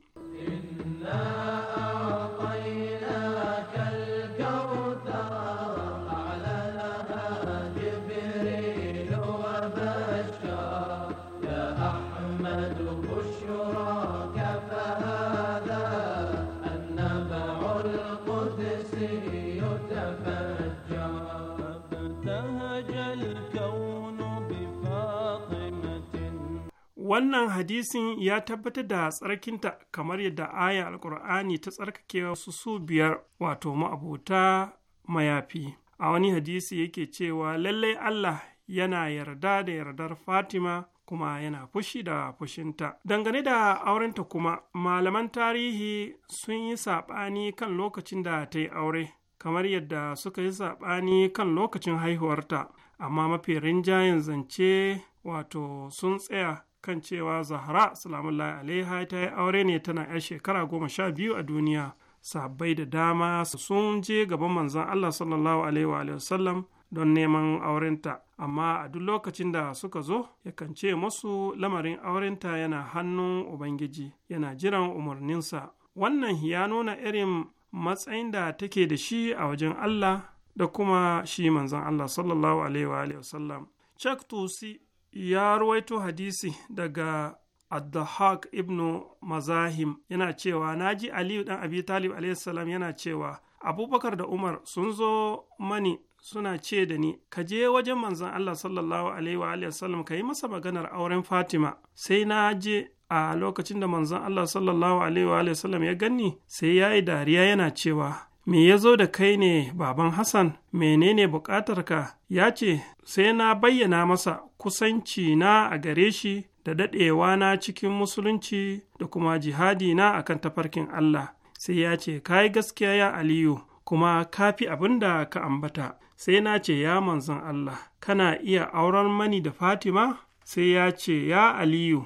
wannan hadisin ya tabbatar da tsarkinta kamar yadda aya alkur'ani ta tsarkake wasu su biyar wato ma'abuta mayafi a wani hadisi yake cewa lallai allah yana yarda da yardar fatima kuma yana fushi da fushinta dangane da aurenta kuma malaman tarihi sun yi saɓani kan lokacin da ta yi aure kamar yadda suka yi saɓani kan lokacin haihuwarta amma mafi rinjayen zance wato sun tsaya kan cewa zahra salamullahi alaiha ta yi aure ne tana 'yar shekara goma sha biyu a duniya sabbai da dama sun je gaban manzon allah sallallahu alaihi wa sallam don neman aurenta amma a duk lokacin da suka zo yakan ce masu lamarin aurenta yana hannun ubangiji yana jiran umarninsa wannan ya nuna irin matsayin da take da shi a wajen allah da kuma shi manzon allah sallallahu alaihi wa sallam Chak Tusi ya ruwaito hadisi daga Addahak Ibnu Mazahim yana cewa Na ji Aliyu dan Abi Talib alaihissalam yana cewa Abubakar da Umar sun zo mani suna ce da ni ka je wajen manzon Allah sallallahu alaihi wa alihi ka yi masa maganar auren Fatima sai na je a lokacin da manzon Allah sallallahu alaihi wa alihi ya ganni sai yayi dariya yana cewa me ya zo da kai ne baban Hassan menene bukatarka ya ce sai na bayyana masa kusanci na a gare shi da daɗewa na cikin musulunci da kuma jihadi na a kan tafarkin Allah sai ya ce ka yi gaskiya ya aliyu kuma ka fi abin da ka ambata sai na ce ya manzon Allah kana iya auren mani da Fatima sai ya ce ya aliyu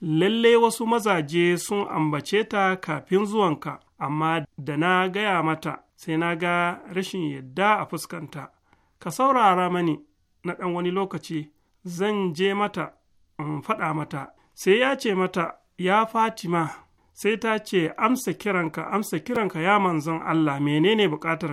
lalle wasu mazaje sun ambace ta kafin zuwanka amma da na gaya mata sai na ga rashin yadda a fuskanta ka saurara mani na ɗan wani lokaci zan je mata in faɗa mata sai ya ce mata ya fatima sai ta ce amsa kiranka amsa kiranka ya manzon Allah menene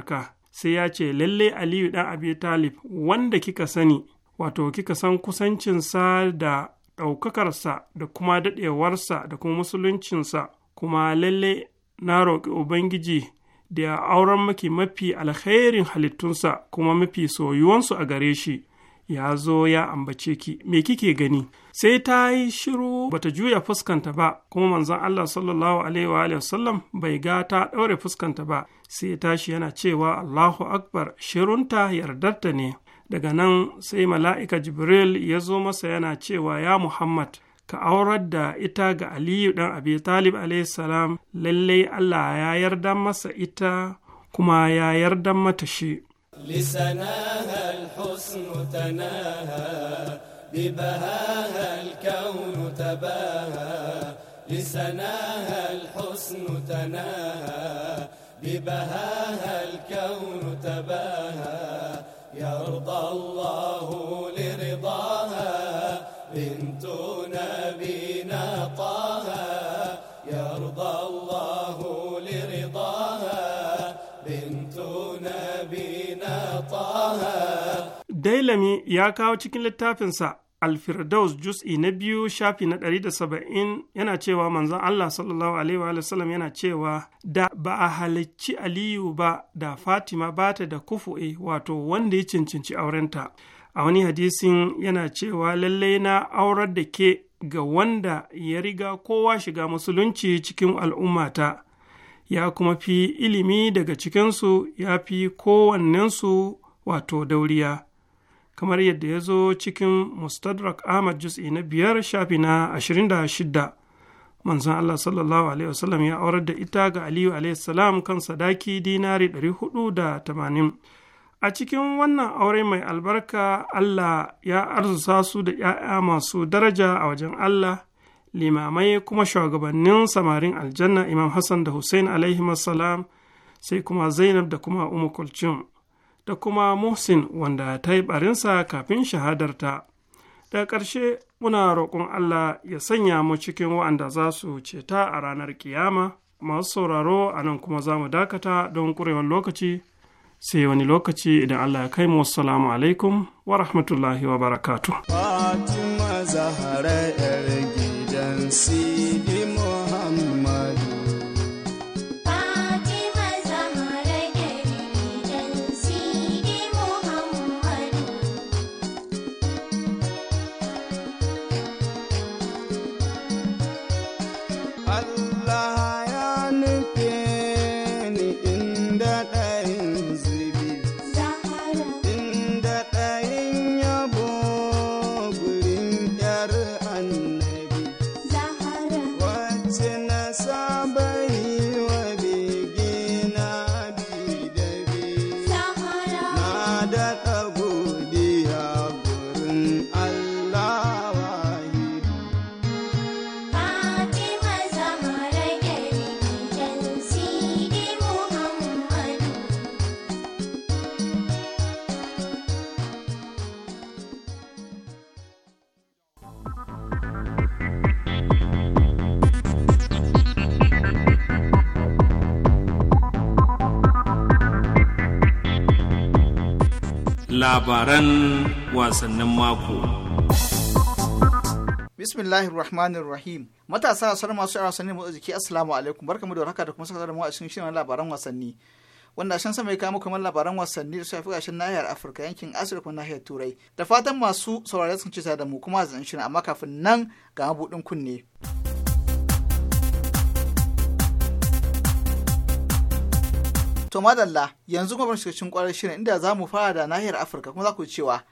ka? sai ya ce lalle aliyu dan abi talib wanda kika sani wato kika san kusancinsa da ɗaukakarsa da kuma daɗewarsa da kuma musuluncinsa kuma lalle na roƙi ubangiji da auren maki mafi alkhairin halittunsa kuma mafi soyuwansu a gare shi ya zo ya ambace ki me kike gani sai ta yi shiru bata juya fuskanta ba kuma manzon Allah sallallahu alaihi wa sallam bai ga ta ɗaure fuskanta ba sai tashi yana cewa Allahu akbar shirunta yardarta ne daga nan sai mala'ika jibril ya zo masa yana cewa ya muhammad ka aurar da ita ga aliyu dan abi talib salam lallai Allah ya yarda masa ita kuma ya yarda mata shi لسناها الحسن تناهى ببهاها الكون تباهى لسناها الحسن تناهى ببهاها الكون تباهى يرضى الله لرضاها dailami ya kawo cikin littafinsa alfirdaus jus'i na biyu shafi na ɗari da saba'in yana cewa manzon Allah sallallahu alaihi wa sallam yana cewa da ba a halicci aliyu ba da fatima ba ta da kufu'e wato wanda ya cincinci aurenta a wani hadisin yana cewa lallai na aurar da ke ga wanda ya riga kowa shiga musulunci cikin al'ummata ya kuma fi ilimi daga cikinsu ya fi kowannensu wato dauriya kamar yadda ya zo cikin mustadrak ahmad jus'i na biyar shafi na 26 manzon allah sallallahu alaihi wasallam ya aurar da ita ga aliyu alaihi salam kan sadaki dinari da tamanin. a cikin wannan aure mai albarka allah ya arzusa su da 'ya'ya masu daraja a wajen allah limamai kuma shugabannin samarin aljanna imam hassan da hussein alaihi sai kuma zainab da kuma umu kulcin da kuma Mohsin wanda ta yi barinsa kafin shahadarta. Daga ƙarshe muna roƙon Allah ya sanya mu cikin wa'anda za su ceta a ranar kiyama masu sauraro a nan kuma za mu dakata don ƙurewar lokaci sai wani lokaci idan Allah ya kai mu wassalamu alaikum wa rahmatullahi wa barakatu. Fatima Zahra 'yar gidan si. labaran wasannin mako. Bismillahir Rahmanir Rahim. Matasa sauran masu yara wasannin motsa jiki Assalamu alaikum. Barkamu da warhaka da kuma saka mu a cikin shirin labaran wasanni. Wanda shan sama ya kawo kamar labaran wasanni da shafi gashin nahiyar Afirka yankin Asirka kuma nahiyar Turai. Da fatan masu saurare sun ci da mu kuma zan shirin amma kafin nan ga mabuɗin kunne. To madalla yanzu kuma cikin kwarar shirin inda za mu fara da nahiyar Afirka kuma za ku cewa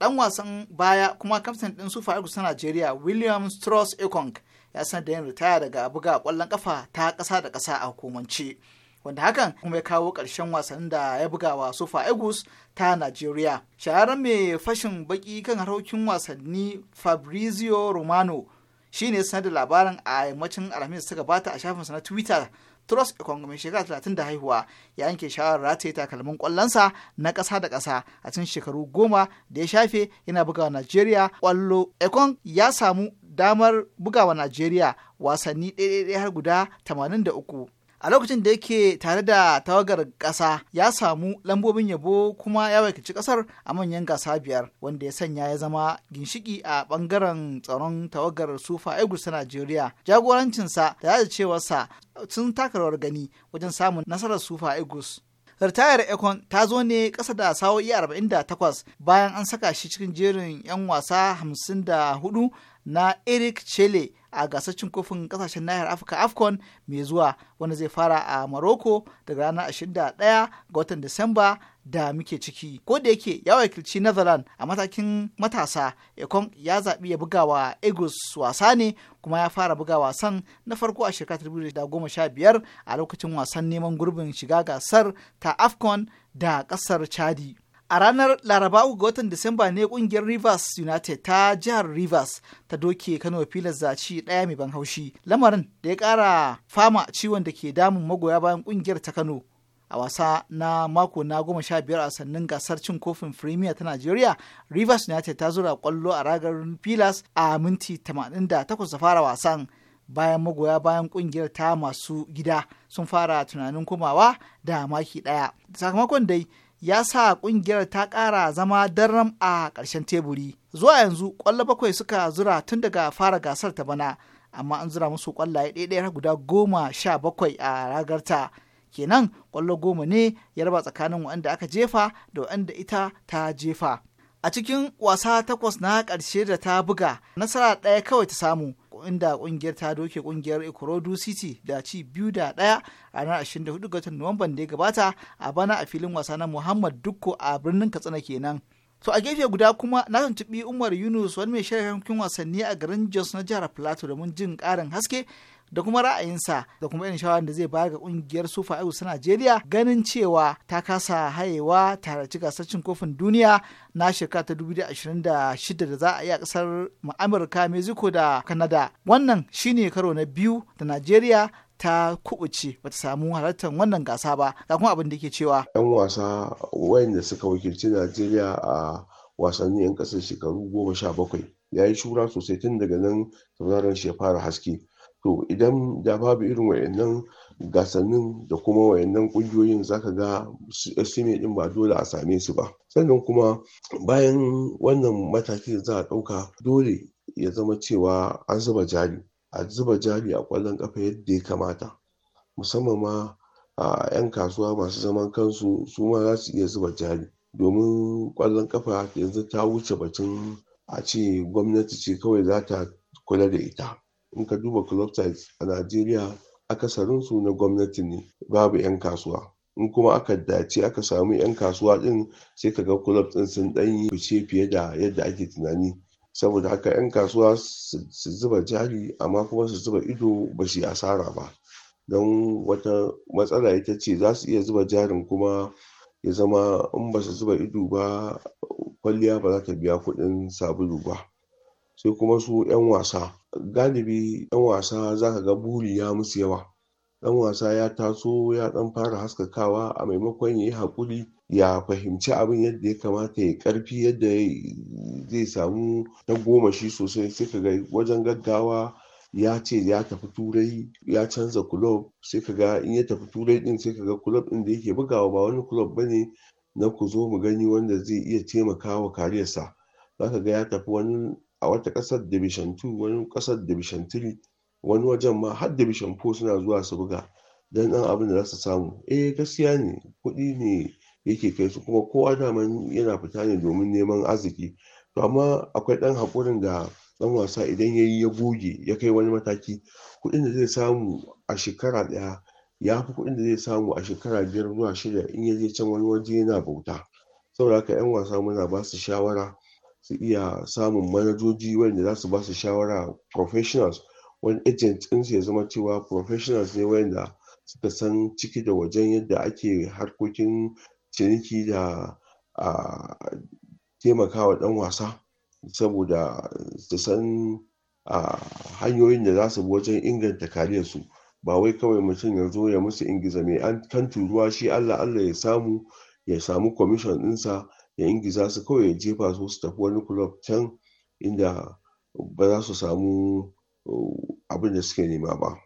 Ɗan wasan baya kuma kamfan din Sufa Eagles na Najeriya William Strauss Ekong ya san da yin ritaya daga buga kwallon kafa ta ƙasa da ƙasa a hukumance. Wanda hakan kuma ya kawo ƙarshen wasan da ya buga wa Sufa Eagles ta Najeriya. Shahararren mai fashin baki kan harkokin wasanni Fabrizio Romano shine sanar da labarin a yammacin Alhamis ta gabata a shafinsa na Twitter Truss Ekong mai shekara talatin da haihuwa ya yanke shawarar rataye takalmin kwallonsa na ƙasa da ƙasa a cikin shekaru goma da ya shafe yana bugawa Najeriya kwallo. Ekong ya samu damar bugawa Najeriya wasanni ɗaya har guda 83 a lokacin da yake tare da tawagar ƙasa ya samu lambobin yabo kuma ya waikaci ƙasar a manyan gasa biyar wanda ya sanya ya zama ginshiki a ɓangaren tsaron tawagar sufa egus ta najeriya jagorancinsa da cewa cewarsa sun taka rawar gani wajen samun nasarar sufa egus ritayar ekon ta zo ne ƙasa da sa'o'i 48 bayan an saka shi cikin jerin 'yan wasa 54 na eric chele a gasar cin kofin kasashen nahiyar afirka afcon mai zuwa wanda zai fara a maroko daga ranar 21 ga watan disamba da muke ciki ko da yake ya wakilci netherland a matakin matasa ekon ya zaɓi ya buga wa eagles wasa ne kuma ya fara buga wasan na farko a shekara 2015 a lokacin wasan neman gurbin shiga gasar ta afcon da ƙasar chadi A ranar Laraba uku ga watan Disamba ne kungiyar Rivers United ta jihar Rivers ta doke Kano filas zaci ɗaya mai ban haushi. Lamarin da ya ƙara fama ciwon da ke damun magoya bayan kungiyar ta Kano. A wasa na mako na goma sha biyar a sannan gasar cin kofin Premier ta Najeriya, Rivers United ta zura kwallo a ragar filas a minti tamanin da da fara wasan. Bayan magoya bayan kungiyar ta masu gida sun fara tunanin komawa da maki ɗaya. Sakamakon dai ya sa ƙungiyar ta ƙara zama daram a ƙarshen teburi. Zuwa yanzu ƙwallo bakwai suka zura tun daga fara gasar ta bana, amma an zura musu ƙwallaye ɗaya ɗaya guda goma sha bakwai a ragarta. Kenan ƙwallo goma ne ya raba tsakanin wanda aka jefa da wanda ita ta jefa. A cikin wasa takwas na ƙarshe da ta buga, nasara ɗaya kawai ta samu. inda kungiyar ta doke kungiyar ikorodu city da ci biyu da daya a ranar 24 ga nuwamban da ya gabata a bana a filin wasa na muhammad dukko a birnin katsina kenan to a gefe guda kuma na tuntubi umar yunus wani mai shirin wasanni a garin jos na jihar plateau domin jin karin haske da kuma ra'ayinsa da kuma irin shawarar da zai bayar ga kungiyar sufa a ta najeriya ganin cewa ta kasa hayewa tare ci gasar cin kofin duniya na shekara ta 2026 da za a yi a kasar amurka mexico da canada wannan shine karo na biyu da najeriya ta kubuce bata samu halartar wannan gasa ba ga kuma abin da ke cewa yan wasa wayanda suka wakilci najeriya a wasannin yan kasar shekaru goma sha bakwai ya yi shura sosai tun daga nan tauraron shi ya fara haske to idan da babu irin wayannan gasannin da kuma wayannan kungiyoyin zaka ga estimate din ba dole a same su ba sannan kuma bayan wannan mataki za a ɗauka dole ya zama cewa an zuba jari a zuba jari a ƙwallon kafa yadda ya kamata musamman ma a 'yan kasuwa masu zaman kansu su ma za su iya zuba jari domin ƙwallon ƙafa yanzu ta wuce batun a ce gwamnati ce kawai za ta kula da ita in ka duba club size a Najeriya akasarin su na gwamnati ne babu 'yan kasuwa. in kuma aka dace aka samu 'yan kasuwa din sai ka ga club din sun dan yi fice fiye da yadda ake tunani saboda haka 'yan kasuwa su zuba jari amma kuma su zuba ido ba su asara ba don wata matsala ita ce za su iya zuba jarin kuma ya zama in ba su zuba ido ba kwalliya ba za ta biya kuɗin sabulu ba sai kuma su 'yan wasa galibi 'yan wasa za ka ga buri ya musu yawa ɗan wasa ya taso ya ɗan fara haskakawa a maimakon ya yi haƙuri ya fahimci abin yadda ya kamata ya ƙarfi yadda zai samu na goma shi sosai sai ka ga wajen gaggawa ya ce ya tafi turai ya canza kulob sai ka ga in ya tafi turai din sai ka ga kulob din da yake bugawa ba wani kulob ba ne na ku zo mu gani wanda zai iya taimakawa kariyarsa za ka ga ya tafi wani a wata ƙasar division 2 wani ƙasar division 3 wani wajen ma har division 4 suna zuwa su buga don ɗan abin da za su samu eh gaskiya ne kuɗi ne yake kai su kuma kowa daman yana fita ne domin neman arziki to amma akwai ɗan haƙurin da ɗan wasa idan ya ya goge ya kai wani mataki kuɗin da zai samu a shekara ɗaya ya fi kuɗin da zai samu a shekara biyar zuwa shida in ya je can wani waje yana bauta saboda haka 'yan wasa muna basu shawara su iya samun manajoji wanda za su ba su shawara professionals wani agent ɗinsu ya zama cewa professionals ne wanda suka san ciki da wajen yadda ake harkokin ciniki da a taimakawa ɗan wasa saboda su san a hanyoyin da za su bi wajen inganta kariyarsu ba wai kawai mutum ya zo ya musu ingiza mai an kan turuwa shi allah allah ya samu ya samu commission ɗinsa ya za su kawai ya jefa su su tafi wani club can inda ba za su samu uh, abin da suke nema ba.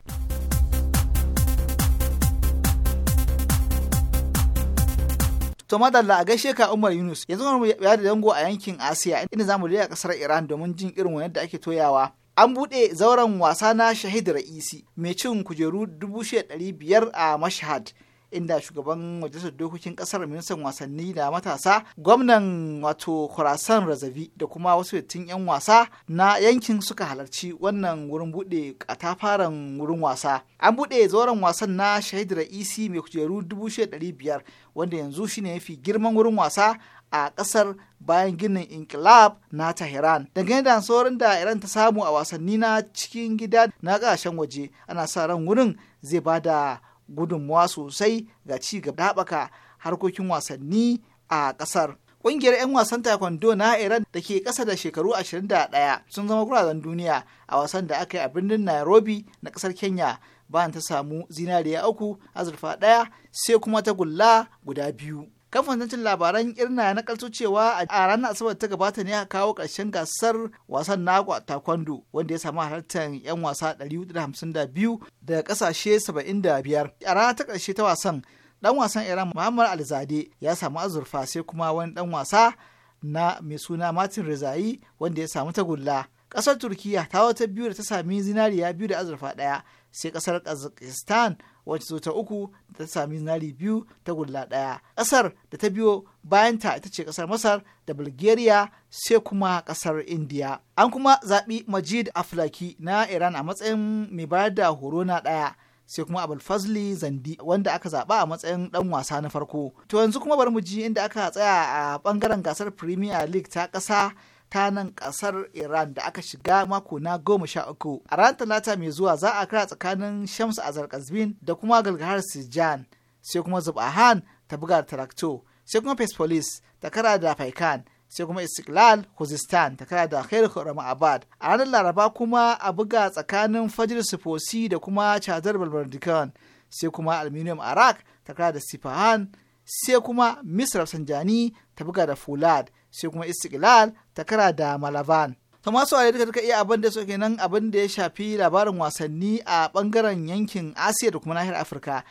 To madalla a gaishe ka Umar Yunus yanzu mu ya da dango a yankin Asiya inda zamu je a kasar Iran domin jin irin wani da ake toyawa. An bude zauren wasa na Shahid Ra'isi mai cin kujeru 1500 a Mashhad inda shugaban majalisar dokokin kasar ministan wasanni da matasa gwamnan wato Kurasan Razavi da kuma wasu yattun 'yan wasa na yankin suka halarci wannan wurin buɗe katafaren wurin wasa. An buɗe zauren wasan na Shahid Ra'isi mai kujeru 1,500 wanda yanzu shine mafi girman wurin wasa a ƙasar bayan ginin inkilab na Tehran. Dangane da saurin da Iran ta samu a wasanni na cikin gida na ƙasashen waje ana sa ran wurin zai bada gudunmuwa sosai ga ci gaba haɓaka harkokin wasanni a ƙasar. Ƙungiyar 'yan wasan taekwondo na Iran da ke ƙasa da shekaru 21 sun zama guraren duniya a wasan da aka yi a birnin Nairobi na ƙasar Kenya bayan ta samu zinariya uku, azurfa ɗaya, sai kuma ta gulla guda biyu. kamfanin labaran irna na kalso cewa a ranar asabar ta gabata ne a kawo ƙarshen gasar wasan a taekwondo wanda ya samu halartar 'yan wasa 152 daga ƙasashe 75 a rana ta karshe ta wasan dan wasan iran muhammad alzade ya samu azurfa sai kuma wani dan wasa na mai suna martin Rizayi, wanda ya samu tagulla ƙasar turkiya ta wata biyu da ta sami zinariya biyu da azurfa ɗaya sai ƙasar kazakhstan wacce so ta uku ta sami zinari biyu ta gulla ɗaya ƙasar da ta biyo bayanta ita ce ƙasar masar da bulgaria sai kuma ƙasar indiya an kuma zaɓi majid aflaki na iran a matsayin mai bayar da horo na ɗaya sai kuma abulfazli zandi wanda aka zaɓa a matsayin ɗan wasa na farko to yanzu kuma bari mu ji inda aka tsaya a ɓangaren gasar premier league ta ƙasa ta nan kasar Iran da aka shiga mako na goma sha uku. A ranar Talata mai zuwa za a kira tsakanin Shamsu Azar Kazbin da kuma Galgahar Sijan, sai kuma Zubahan ta buga Tarakto, sai kuma Persepolis ta kara da Faikan, sai kuma Istiklal Khuzistan ta kara da Khair Abad. A ranar Laraba kuma a buga tsakanin Fajr Sufosi da kuma Chadar Balbardikan, sai kuma Aluminium Arak ta kara da Sifahan, sai kuma Misr Sanjani ta buga da Fulad. sai kuma istiklal ta kara da malaban to masu wale duka duka iya abin da suke nan abin da ya shafi labarin wasanni a bangaren yankin asiya da kuma nahiyar afirka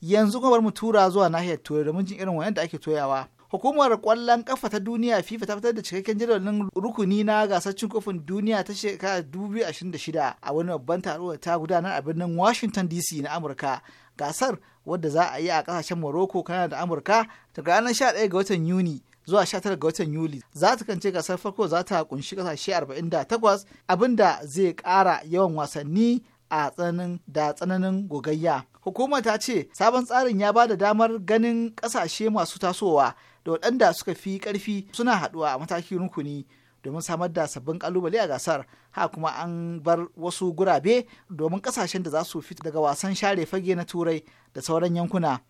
yanzu kuma bar mu tura zuwa nahiyar turai domin jin irin wayan da ake toyawa hukumar kwallon kafa ta duniya fifa ta fitar da cikakken jadawalin rukuni na gasar cin kofin duniya ta shekara 2026 a wani babban taro ta gudanar a birnin washington dc na amurka gasar wadda za a yi a kasashen Morocco, Canada da Amurka daga ranar 11 ga watan Yuni zuwa 19 ga watan Yuli. Za ta kance gasar farko za ta kunshi kasashe 48 abinda zai ƙara yawan wasanni a tsananin da tsananin gogayya. Hukumar ta ce sabon tsarin ya ba da damar ganin kasashe masu tasowa da waɗanda suka fi ƙarfi suna haɗuwa a matakin rukuni domin samar da sabbin kalubale a gasar ha kuma an bar wasu gurabe domin kasashen da za su fita daga wasan share fage na turai da sauran yankuna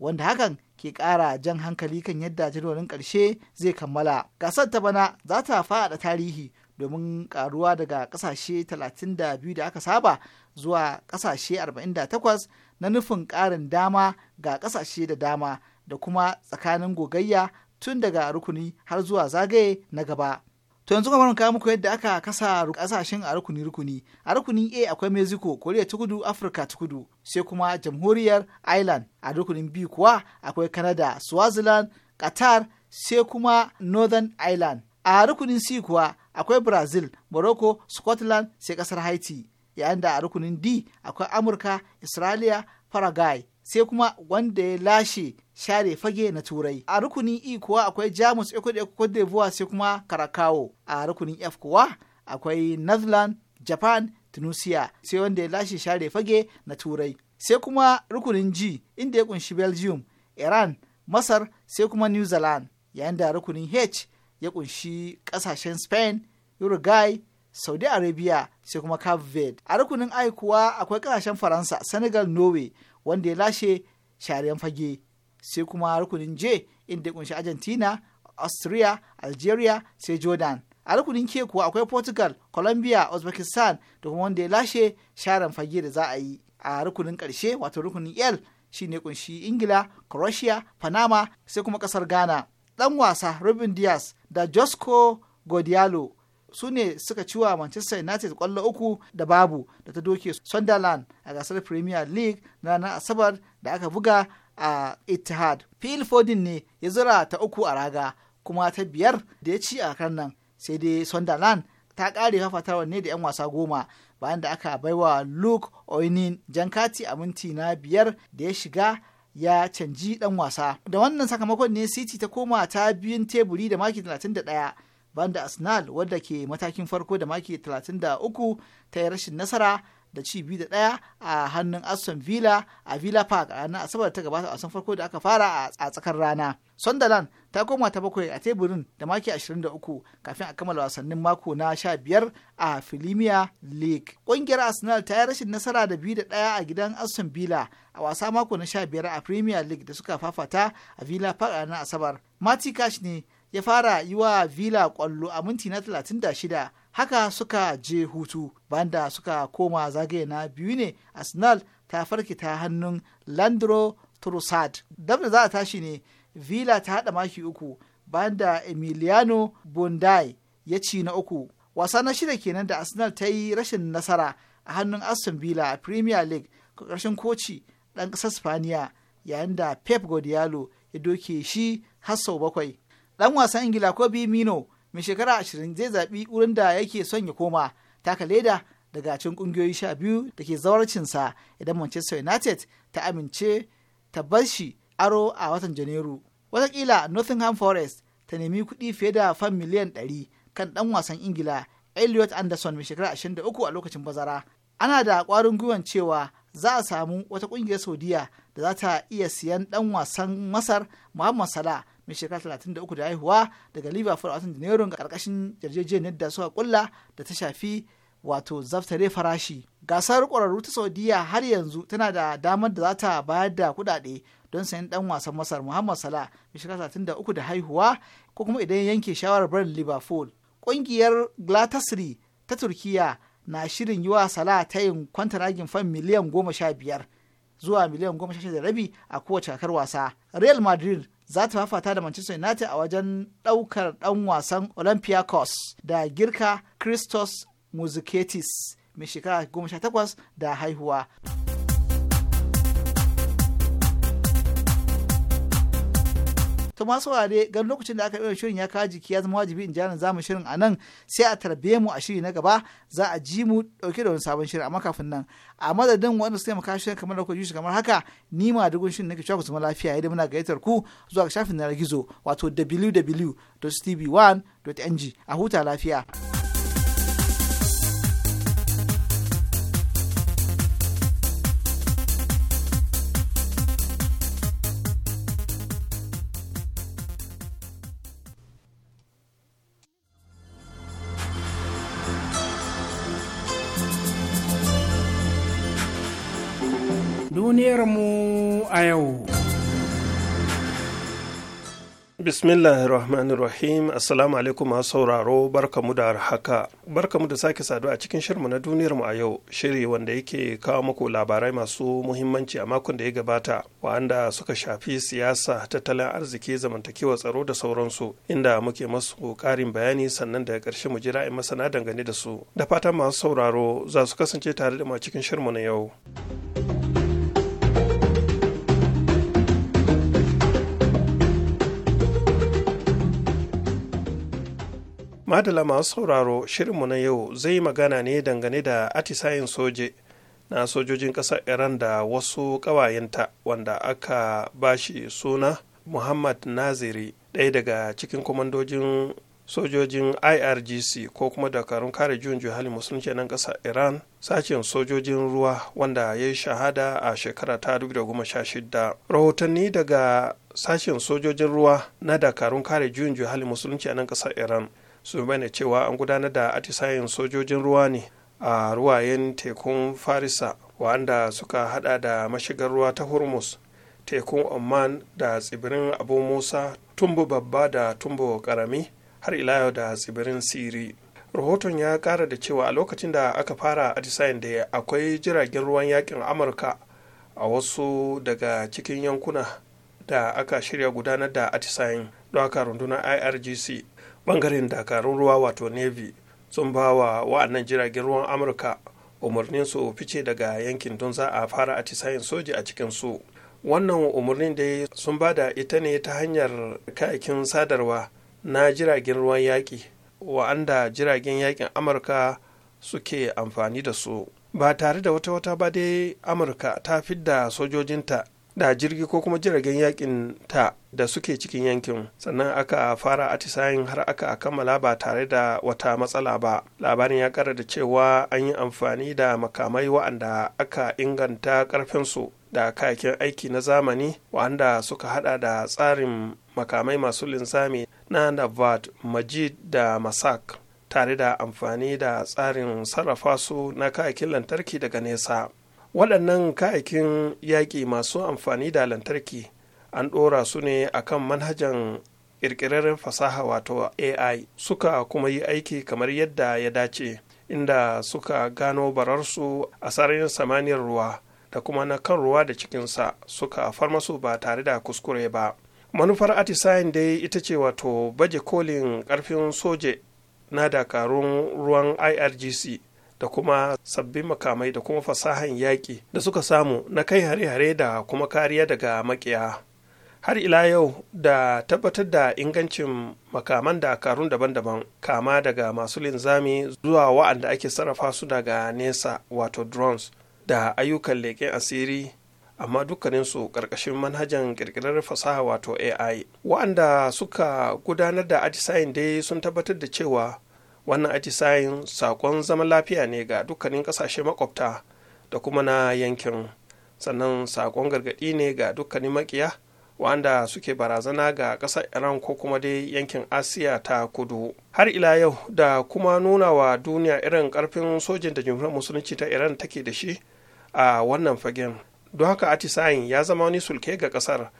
wanda hakan ke kara jan hankali kan yadda jadawalin karshe zai kammala gasar ta bana za ta faɗa tarihi domin karuwa daga kasashe 32 da aka saba zuwa kasashe 48 na nufin karin dama ga kasashe da dama da kuma tsakanin gogayya tun daga rukuni har zuwa zagaye na gaba. To yanzu kamar kawo muku yadda aka kasa kasashen a rukuni rukuni. A rukunin A akwai Mexico, Koriya ta Kudu, Afirka ta Kudu, sai kuma Jamhuriyar Ireland. A rukunin B kuwa akwai Canada, Swaziland, Qatar, sai kuma Northern Ireland. A rukunin C kuwa akwai Brazil, Morocco, Scotland, sai kasar Haiti. Yayin da a rukunin D akwai Amurka, Israeliya, Paraguay, sai kuma wanda ya lashe share fage na turai a rukunin e kuwa akwai jamus ecuador d'Ivoire sai kuma karakawo a rukunin f kuwa akwai netherland japan tunisia sai wanda ya lashe share fage na turai sai kuma rukunin g inda ya kunshi belgium iran masar sai kuma new zealand yayin da rukunin h ya kunshi kasashen spain uruguay saudi arabia sai kuma cape verde a rukunin i kuwa akwai kasashen faransa senegal norway wanda ya lashe sharen fage sai kuma rukunin J inda ya kunshi Argentina, Austria, Algeria sai Jordan. A rukunin K kuwa akwai Portugal, Colombia, Uzbekistan da kuma wanda ya lashe sharan fage da za a yi. A rukunin ƙarshe wato rukunin L shine kunshi Ingila, Croatia, Panama sai kuma ƙasar Ghana. Ɗan wasa Robin Diaz da Josco Godialo su ne suka ciwa wa Manchester United kwallo uku da babu da ta doke Sunderland a gasar Premier League na ranar Asabar da aka buga a Ittihad. Phil Foden ne ya zura ta uku a raga kuma ta biyar da ya ci a kan nan sai dai Sunderland ta ƙare fafatawar ne da 'yan wasa goma bayan da aka baiwa Luke Oinin jankati a minti na biyar da ya shiga ya canji dan wasa. Da wannan sakamakon ne City ta koma ta biyun teburi da maki 31 banda Arsenal wadda ke matakin farko da maki 33 ta yi rashin nasara da ci biyu da ɗaya a hannun aston villa a villa park a ranar asabar ta gabata a farko da aka fara a tsakar rana sunderland ta koma ta bakwai a teburin da maki 23 kafin a kammala wasannin mako na 15 a Premier league ƙungiyar arsenal ta yi rashin nasara da biyu da ɗaya a gidan aston villa a wasa mako na 15 a premier league da suka fafata a villa park a ranar asabar mati cash ne ya fara yi wa villa kwallo a minti na 36 haka suka je hutu banda suka koma zagaye na biyu ne arsenal ta farki ta hannun landro trussard dab da za a tashi ne villa ta haɗa maki uku banda emiliano bondai ya ci na uku wasa na shida kenan da arsenal ta yi rashin nasara a hannun aston villa a premier league ƙarshen koci ɗan ƙasar spaniya yayin da pep guardiola ya doke shi har sau bakwai ɗan wasan ingila kobi mino mai shekara ashirin zai zaɓi wurin da yake son ya koma taka leda daga cikin ƙungiyoyi sha biyu da ke zawarcinsa idan manchester united ta amince ta bar shi aro a watan janairu watakila nottingham forest ta nemi kuɗi fiye da fan miliyan ɗari kan ɗan wasan ingila elliot anderson mai shekara ashirin da uku a lokacin bazara ana da ƙwarin gwiwan cewa za a samu wata ƙungiyar saudiya da za ta iya siyan ɗan wasan masar muhammad salah mai shekara talatin da uku da haihuwa daga liverpool a watan janairun ga karkashin yarjejeniyar da suka kulla da ta shafi wato zaftare farashi gasar ƙwararru ta saudiya har yanzu tana da damar da za ta bayar da kuɗaɗe don sayan ɗan wasan masar muhammad salah mai shekara talatin da uku da haihuwa ko kuma idan yanke shawarar barin liverpool ƙungiyar glatasri ta turkiya na shirin yi wa salah tayin kwantaragin fan miliyan goma sha biyar zuwa miliyan goma sha shida rabi a kowace kakar wasa real madrid za ta fafata da Manchester United a wajen ɗaukar ɗan wasan Olympiacos da girka Christos musiketis mai shekara 18 da haihuwa. to masu ware gan lokacin da aka yi shirin ya kawo jiki ya zama wajibi in jana zamu shirin a nan sai a tarbe mu a shiri na gaba za a ji mu dauke da wani sabon shirin amma kafin nan a madadin wanda suka maka shirin kamar da kuka kamar haka ni ma dugun shirin nake cewa ku zama lafiya idan muna gayyatar ku zuwa ga shafin na gizo wato www.tv1.ng a huta lafiya. mu a yau. Bismillahir Rahim Assalamu alaikum masu sauraro barkamu da haka barkamu da sake saduwa a cikin shirmu na duniyarmu a yau shiri wanda yake kawo muku labarai masu muhimmanci a makon da ya gabata wanda suka shafi siyasa tattalin arziki zamantakewa tsaro da sauransu inda muke masu karin bayani sannan daga ƙarshe mu jira in masana dangane da su da fatan masu sauraro za su kasance tare da mu a cikin shirmu na yau. madala masu sauraro shirinmu na yau zai magana ne dangane da atisayin soje na sojojin ƙasar iran da wasu ƙawayenta wanda aka bashi suna muhammad naziri ɗaya daga cikin kwamandojin sojojin irgc ko kuma dakarun kare juyin juhali musulunci nan ƙasar iran sashen sojojin ruwa wanda ya yi shahada a shekara ta 2016 rahotanni daga sashen sojojin ruwa na dakarun kare juyin juhali musulunci nan ƙasar iran sun bayyana cewa an gudanar da atisayen sojojin ruwa ne a ruwayen tekun farisa wanda suka hada da mashigar ruwa ta hormuz tekun oman da tsibirin abu musa tumbu babba da tumbu karami har ila yau da tsibirin siri rahoton ya kara da cewa a lokacin da aka fara atisayen da akwai jiragen ruwan yakin amurka a wasu daga cikin yankuna da aka shirya gudanar da atisayen don rundunar irgc bangaren dakarun ruwa wato navy sun ba wa wa'annan jiragen ruwan amurka umarnin su fice daga yankin don za a fara atisayen soji a cikin su wannan umarnin da sun ba da ita ne ta hanyar kayakin sadarwa na jiragen ruwan yaƙi wa'anda jiragen yaƙin amurka suke amfani da su ba tare da wata wata ba dai amurka ta fidda sojojinta da jirgi ko kuma jiragen yakin ta da suke cikin yankin sannan aka fara atisayin har aka kammala ba tare da wata matsala ba labarin ya kara da cewa an yi amfani da makamai wa'anda aka inganta karfinsu da kayakin aiki na zamani wa'anda suka hada da tsarin makamai masu linsami na navad majid da masak tare da amfani da tsarin sarrafa su na kayakin lantarki daga nesa waɗannan ka'aikin yaƙi masu amfani da lantarki an ɗora su ne akan manhajan ƙirƙirarren fasaha wato ai suka kuma yi aiki kamar yadda ya dace inda suka gano bararsu a sararin samaniyar ruwa da kuma na kan ruwa da cikinsa suka su ba tare da kuskure ba manufar atisayen dai ita ce wato baje kolin ƙarfin soje na dakarun ruwan irgc da kuma sabbin makamai da kuma fasahan yaƙi da suka samu na kai hare-hare da kuma kariya daga makiya har ila yau da tabbatar da ingancin makaman dakarun daban-daban kama daga masu linzami zuwa wa'anda ake sarrafa su daga nesa wato drones da ayyukan leƙen asiri amma dukkaninsu ƙarƙashin manhajan ƙirƙirar fasaha wato ai wa'anda suka gudanar da atisayin dai sun tabbatar da cewa wannan atisayin sakon zaman lafiya ne ga dukkanin kasashe makwabta da kuma na yankin sannan sakon gargadi ne ga dukkanin makiya wanda suke barazana ga ƙasar iran ko kuma dai yankin asiya ta kudu har ila yau da kuma nuna wa duniya irin karfin sojin da jimhuriyar musulunci ta iran take da shi a wannan fagen don haka atisayin ya zama wani sulke ga ƙasar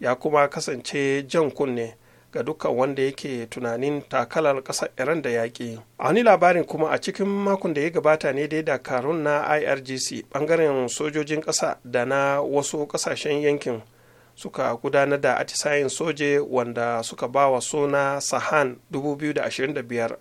ya kuma kasance jan kunne ga dukkan wanda yake tunanin takalar ƙasar iran da yaƙi a wani labarin kuma a cikin makon da ya gabata ne dai dakarun na irgc bangaren sojojin ƙasa da na wasu ƙasashen yankin suka gudanar da atisayin soje wanda suka ba wa suna sahan 2025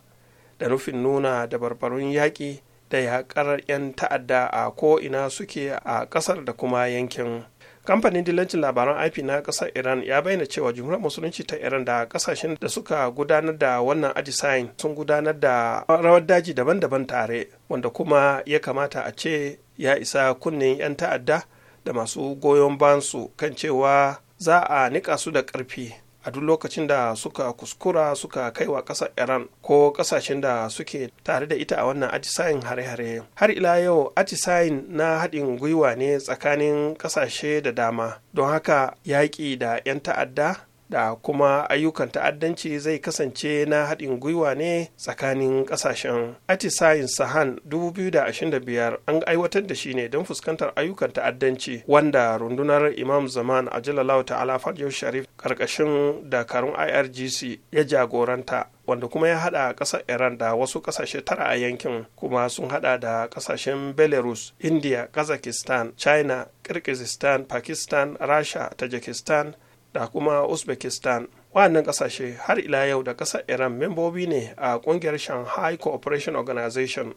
da nufin nuna dabarbarun yaƙi da yaƙar 'yan ta'adda a ko'ina suke a ƙasar da kuma yankin kamfanin dilancin labaran ip na kasar iran ya bayyana cewa jumhuriyar musulunci ta iran da kasashen da suka gudanar da wannan atisayin sun gudanar da rawar daji daban-daban tare wanda kuma ya kamata a ce ya isa kunnen 'yan ta'adda da masu goyon bansu kan cewa za a niƙa su da ƙarfi a duk lokacin da suka kuskura suka kaiwa ƙasar iran ko ƙasashen da suke tare da ita a wannan atisayin hare-hare har ila yau atisayin na haɗin gwiwa ne tsakanin ƙasashe da dama don haka yaƙi da 'yan ta'adda da kuma ayyukan ta'addanci zai kasance na haɗin gwiwa ne tsakanin ƙasashen. Atisayin Sahan 2025 an aiwatar da shi ne don fuskantar ayyukan ta'addanci wanda rundunar Imam Zaman a Jalalau ta'ala yau Sharif ƙarƙashin dakarun IRGC ya jagoranta. wanda kuma ya hada kasar iran da wasu kasashe tara a yankin kuma sun hada da kasashen belarus india kazakistan china kirgizistan pakistan rasha tajikistan da kuma uzbekistan waɗannan ƙasashe har ila yau da ƙasar iran membobi ne a ƙungiyar shanghai cooperation organization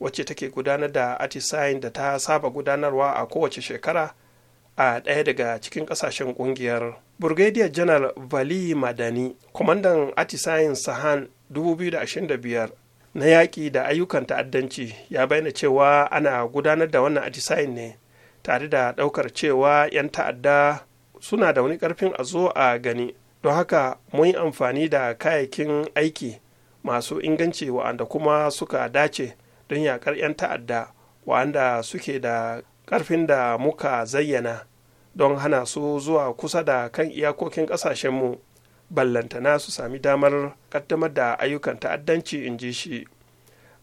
wacce take gudanar da atisayin da ta saba gudanarwa a kowace shekara a ɗaya daga cikin ƙasashen ƙungiyar brigadier general vali madani kwamandan atisayin sahan 2025 na yaƙi da ayyukan ta'addanci ya bayyana cewa ana gudanar da wannan atisayin ne tare da ɗaukar cewa 'yan ta'adda suna da wani karfin a zo a gani don haka mun yi amfani da kayayyakin aiki masu inganci wa'anda kuma suka dace don yaƙar 'yan ta'adda wa'anda suke da ƙarfin da muka zayyana don hana su zuwa kusa da kan iyakokin ƙasashenmu ballantana su sami damar ƙaddamar da ayyukan ta'addanci in ji shi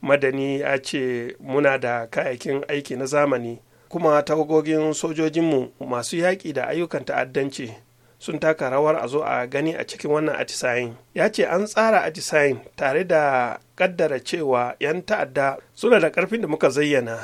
madani ya ce muna da kayayyakin aiki na zamani kuma tagogogin sojojinmu masu yaƙi da ayyukan ta'addanci sun taka rawar a zo a gani a cikin wannan atisayin ya ce an tsara atisayin tare da ƙaddara cewa 'yan ta'adda suna da ƙarfin da muka zayyana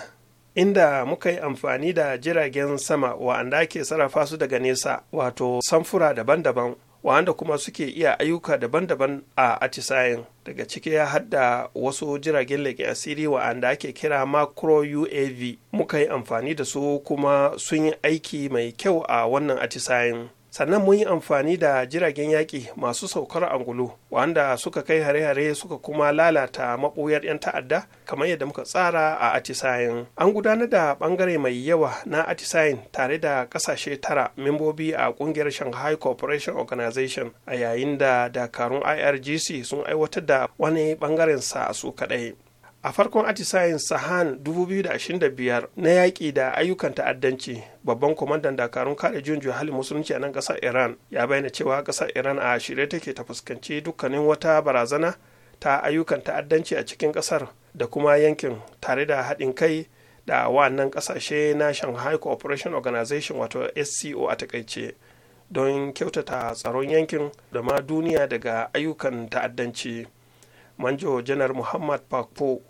inda muka yi amfani da jiragen sama wa'anda ke sarrafa su daga nesa wato samfura daban-daban wanda kuma suke iya ayyuka daban-daban a atisayen daga ciki ya hada wasu jiragen leƙen asiri wa'anda ake kira macro uav muka yi amfani da su kuma sun yi aiki mai kyau a wannan atisayen sannan mun yi amfani da jiragen yaƙi masu saukar angulu wanda suka kai hare-hare suka kuma lalata maɓoyar 'yan ta'adda kamar yadda muka tsara a atisayen an gudanar da ɓangare mai yawa na atisayen tare da ƙasashe tara membobi a ƙungiyar shanghai cooperation organization a yayin da dakarun irgc sun aiwatar da wani ɓangaren sa su kaɗai a farkon atisayen sahan 2025 na yaƙi da ayyukan ta'addanci babban kwamandan dakarun kare juyin halin musulunci a nan ƙasar iran ya bayyana cewa ƙasar iran a shirye take ta fuskanci dukkanin wata barazana ta ayyukan ta'addanci a cikin ƙasar da kuma yankin tare da haɗin kai da wannan ƙasashe na shanghai cooperation organization wato sco a takaice don kyautata tsaron yankin da ma duniya daga ayyukan ta'addanci manjo janar muhammad pakpo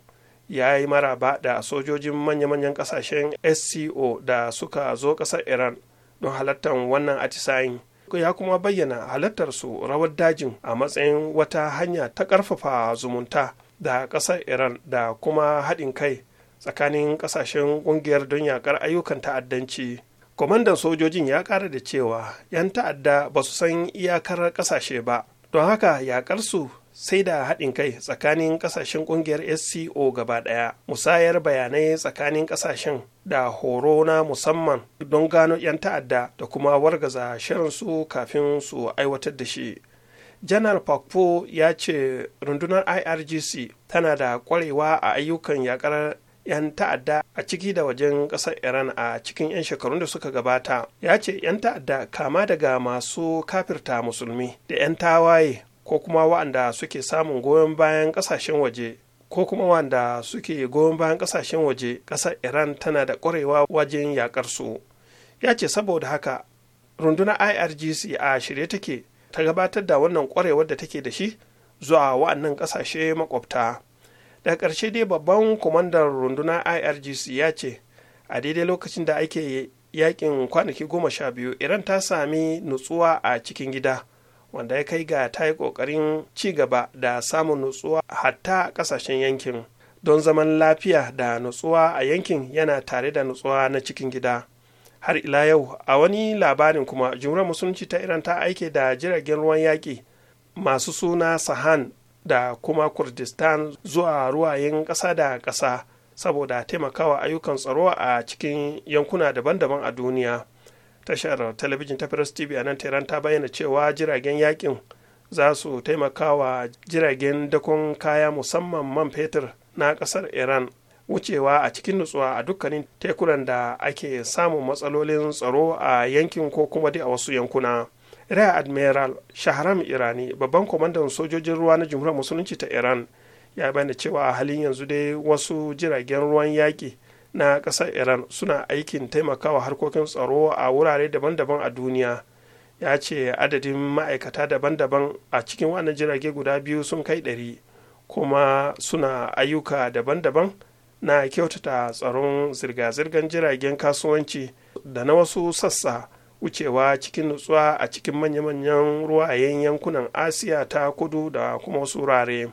ya yi maraba da sojojin manya-manyan kasashen sco da suka zo kasar iran don halartar wannan atisayin ya kuma bayyana su rawar dajin a matsayin wata hanya ta ƙarfafa zumunta da ƙasar iran da kuma haɗin kai tsakanin ƙasashen ƙungiyar don yaƙar ayyukan ta'addanci kwamandan sojojin ya ƙara da cewa 'yan ta'adda ba su san iyakar ƙasashe ba don haka yaƙarsu sai da haɗin kai tsakanin ƙasashen ƙungiyar sco gaba ɗaya musayar bayanai tsakanin ƙasashen da horo na musamman don gano 'yan ta'adda da kuma wargaza su kafin su aiwatar da shi janar pakpo ya ce rundunar irgc tana da ƙwarewa a ayyukan yakar 'yan ta'adda a ciki da wajen ƙasar iran a cikin 'yan shekarun da suka gabata ya ce 'yan ta'adda kama daga masu kafirta musulmi da 'yan tawaye ko kuma wa'anda suke samun goyon bayan ƙasashen waje ko kuma suke goyon bayan kasashen waje ƙasar iran tana da ƙwarewa wajen yakar su ya ce saboda haka rundunar irgc a shirye take ta gabatar da wannan ƙwarewar da take da shi zuwa wa'annan ƙasashe makwabta daga ƙarshe dai babban kwamandan rundunar irgc ya ce a daidai lokacin da ake yakin kwanaki goma sha biyu iran ta sami nutsuwa a cikin gida wanda ya kai ga ta yi ƙoƙarin ci gaba da samun nutsuwa hatta ƙasashen yankin don zaman lafiya da nutsuwa a yankin yana tare da nutsuwa na cikin gida har ila yau a wani labarin kuma jumhuriyar musulunci ta iran ta aike da jiragen ruwan yaƙi masu suna sahan da kuma kurdistan zuwa ruwayen ƙasa da ƙasa saboda taimakawa ayyukan tsaro a cikin yankuna daban-daban a duniya tashar talabijin ta press tv a nan tehran ta bayyana cewa jiragen yakin za su taimaka wa jiragen dakon kaya musamman man fetur na kasar iran wucewa a cikin nutsuwa a dukkanin tekunan da ake samun matsalolin tsaro a yankin ko kuma dai a wasu yankuna rear admiral shahram irani babban kwamandan sojojin ruwa na jamhuriyar musulunci ta iran ya bayyana cewa a halin yanzu dai wasu jiragen ruwan yaƙi na ƙasar iran suna aikin taimakawa harkokin tsaro a wurare daban-daban a duniya ya ce adadin ma'aikata daban-daban a cikin wannan jirage guda biyu sun kai ɗari kuma suna ayyuka daban-daban na kyautata tsaron zirga-zirgar jiragen kasuwanci da na wasu sassa wucewa cikin nutsuwa a cikin manya-manyan ruwayen yankunan asiya ta kudu da kuma wasu wurare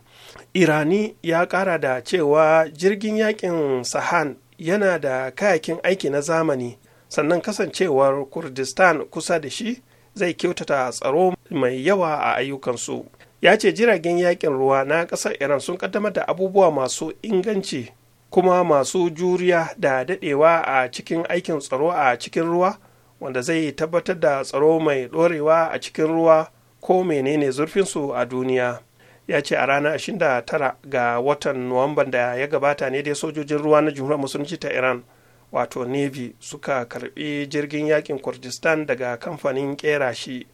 irani ya kara da cewa jirgin yakin sahan yana da kayakin aiki na zamani sannan kasancewar kurdistan kusa da shi zai kyautata tsaro mai yawa a ayyukansu ya ce jiragen yakin ruwa na ƙasar iran sun kaddamar da abubuwa masu inganci kuma masu juriya da daɗewa a cikin aikin tsaro a cikin ruwa wanda zai tabbatar da tsaro mai ɗorewa a cikin ruwa ko menene zurfinsu a duniya ya ce a ranar 29 ga watan nuwamban da ya gabata ne dai sojojin ruwa na jumhuriyar musulunci ta iran wato navy suka karbi jirgin yakin kurdistan daga kamfanin kera shi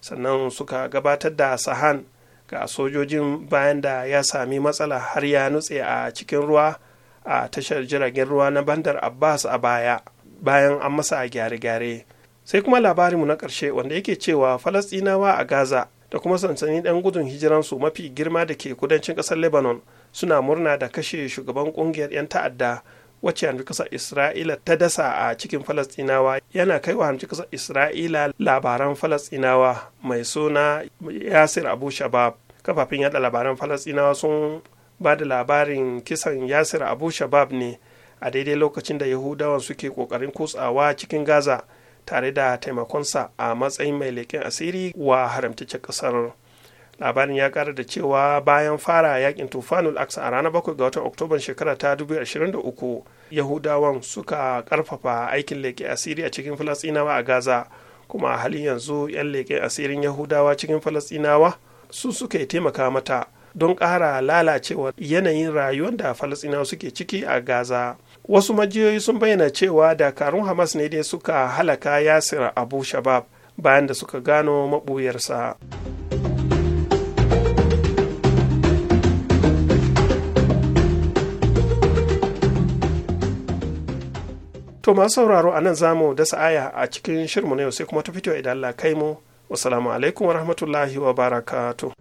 sannan suka gabatar da sahan ga sojojin bayan da ya sami matsala har ya nutse a cikin ruwa a tashar jiragen ruwa na bandar abbas a baya bayan an masa gyare-gyare sai kuma labarinmu na ƙarshe wanda yake cewa falasɗinawa a gaza da kuma sansanin ɗan gudun hijiransu mafi girma da ke kudancin ƙasar lebanon suna murna da kashe shugaban ƙungiyar 'yan ta'adda wacce hamci ƙasar isra'ila ta dasa a cikin falastinawa yana kai wa hamci ƙasar isra'ila labaran falastinawa mai suna yasir abu shabab kafafen yada labaran falastinawa sun ba da labarin kisan yasir abu shabab ne a daidai lokacin da yahudawan suke ƙoƙarin kutsawa cikin gaza tare da taimakonsa a matsayin mai leƙen asiri wa haramtacce ƙasar labarin ya ƙara da cewa bayan fara yakin tufanul aksa a ranar 7 ga watan oktoban shekara ta 2023 yahudawan suka ƙarfafa aikin leƙe asiri a cikin falasinawa a gaza kuma a halin yanzu 'yan leƙen asirin yahudawa cikin falasinawa su suka taimaka mata don ƙara lalacewa yanayin rayuwar da falasinawa suke ciki a gaza wasu majiyoyi sun bayyana cewa dakarun hamas ne dai suka halaka yasir abu shabab bayan da suka gano maɓuyarsa. To masu sauraro a nan za mu dasa aya a cikin shirmu na yau sai kuma ta fito idan Allah kai mu. Wasalamu alaikum wa rahmatullahi wa barakatuh.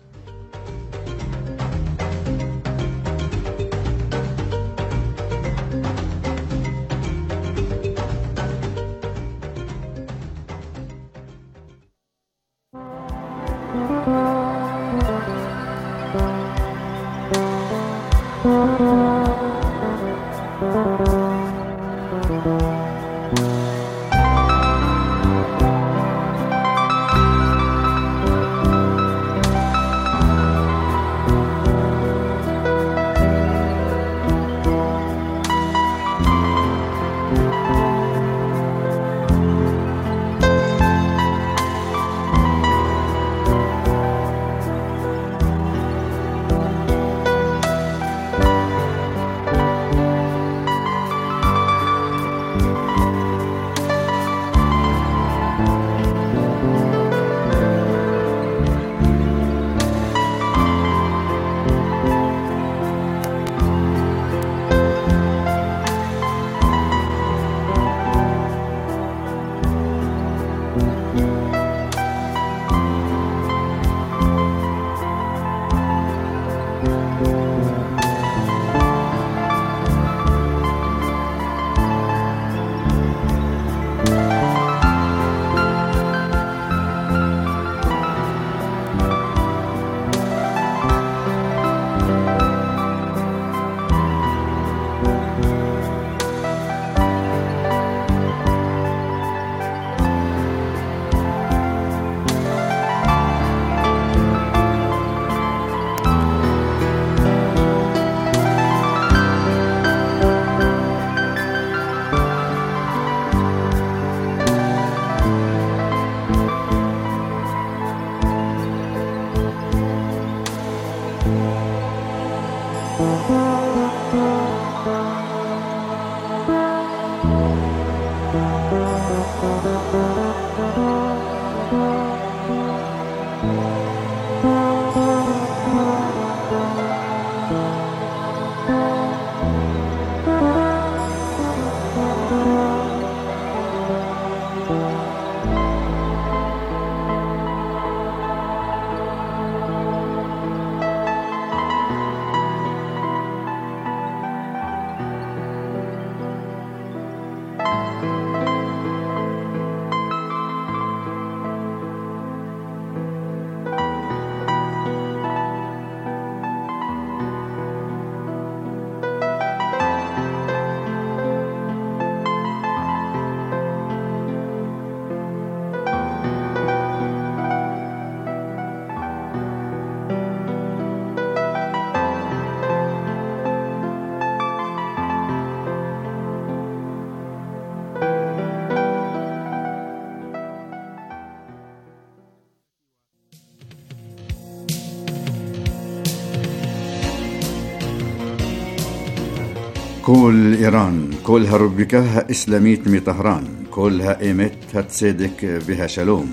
كل إيران كلها ربكها إسلاميت مي طهران كلها إيمت هتصدق بها شلوم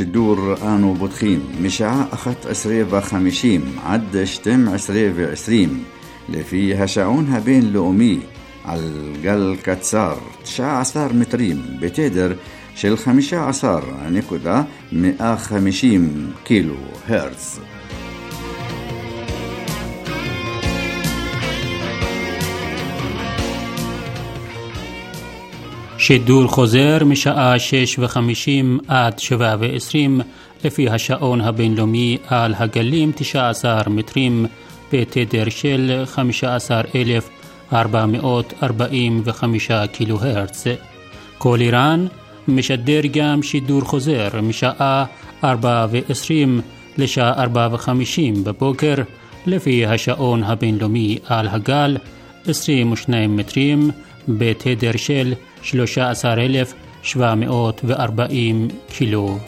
الدور آنو بطخيم مشاع أخت عسرية خمشيم عد شتم عسرية عسريم لفي هشعونها بين لؤمي على الجل كتسار تشاع عصار متريم بتدر عصار نكودا مئة خمشيم كيلو هرتز שידור חוזר משעה 6 ו עד 7 ו לפי השעון הבינלאומי על הגלים 19 מטרים בתדר של 15,445 קילו הרץ. כל איראן משדר גם שידור חוזר משעה 4 ו לשעה 4 ו בבוקר לפי השעון הבינלאומי על הגל 22 מטרים בתדר של 15,445 13,740 קילו.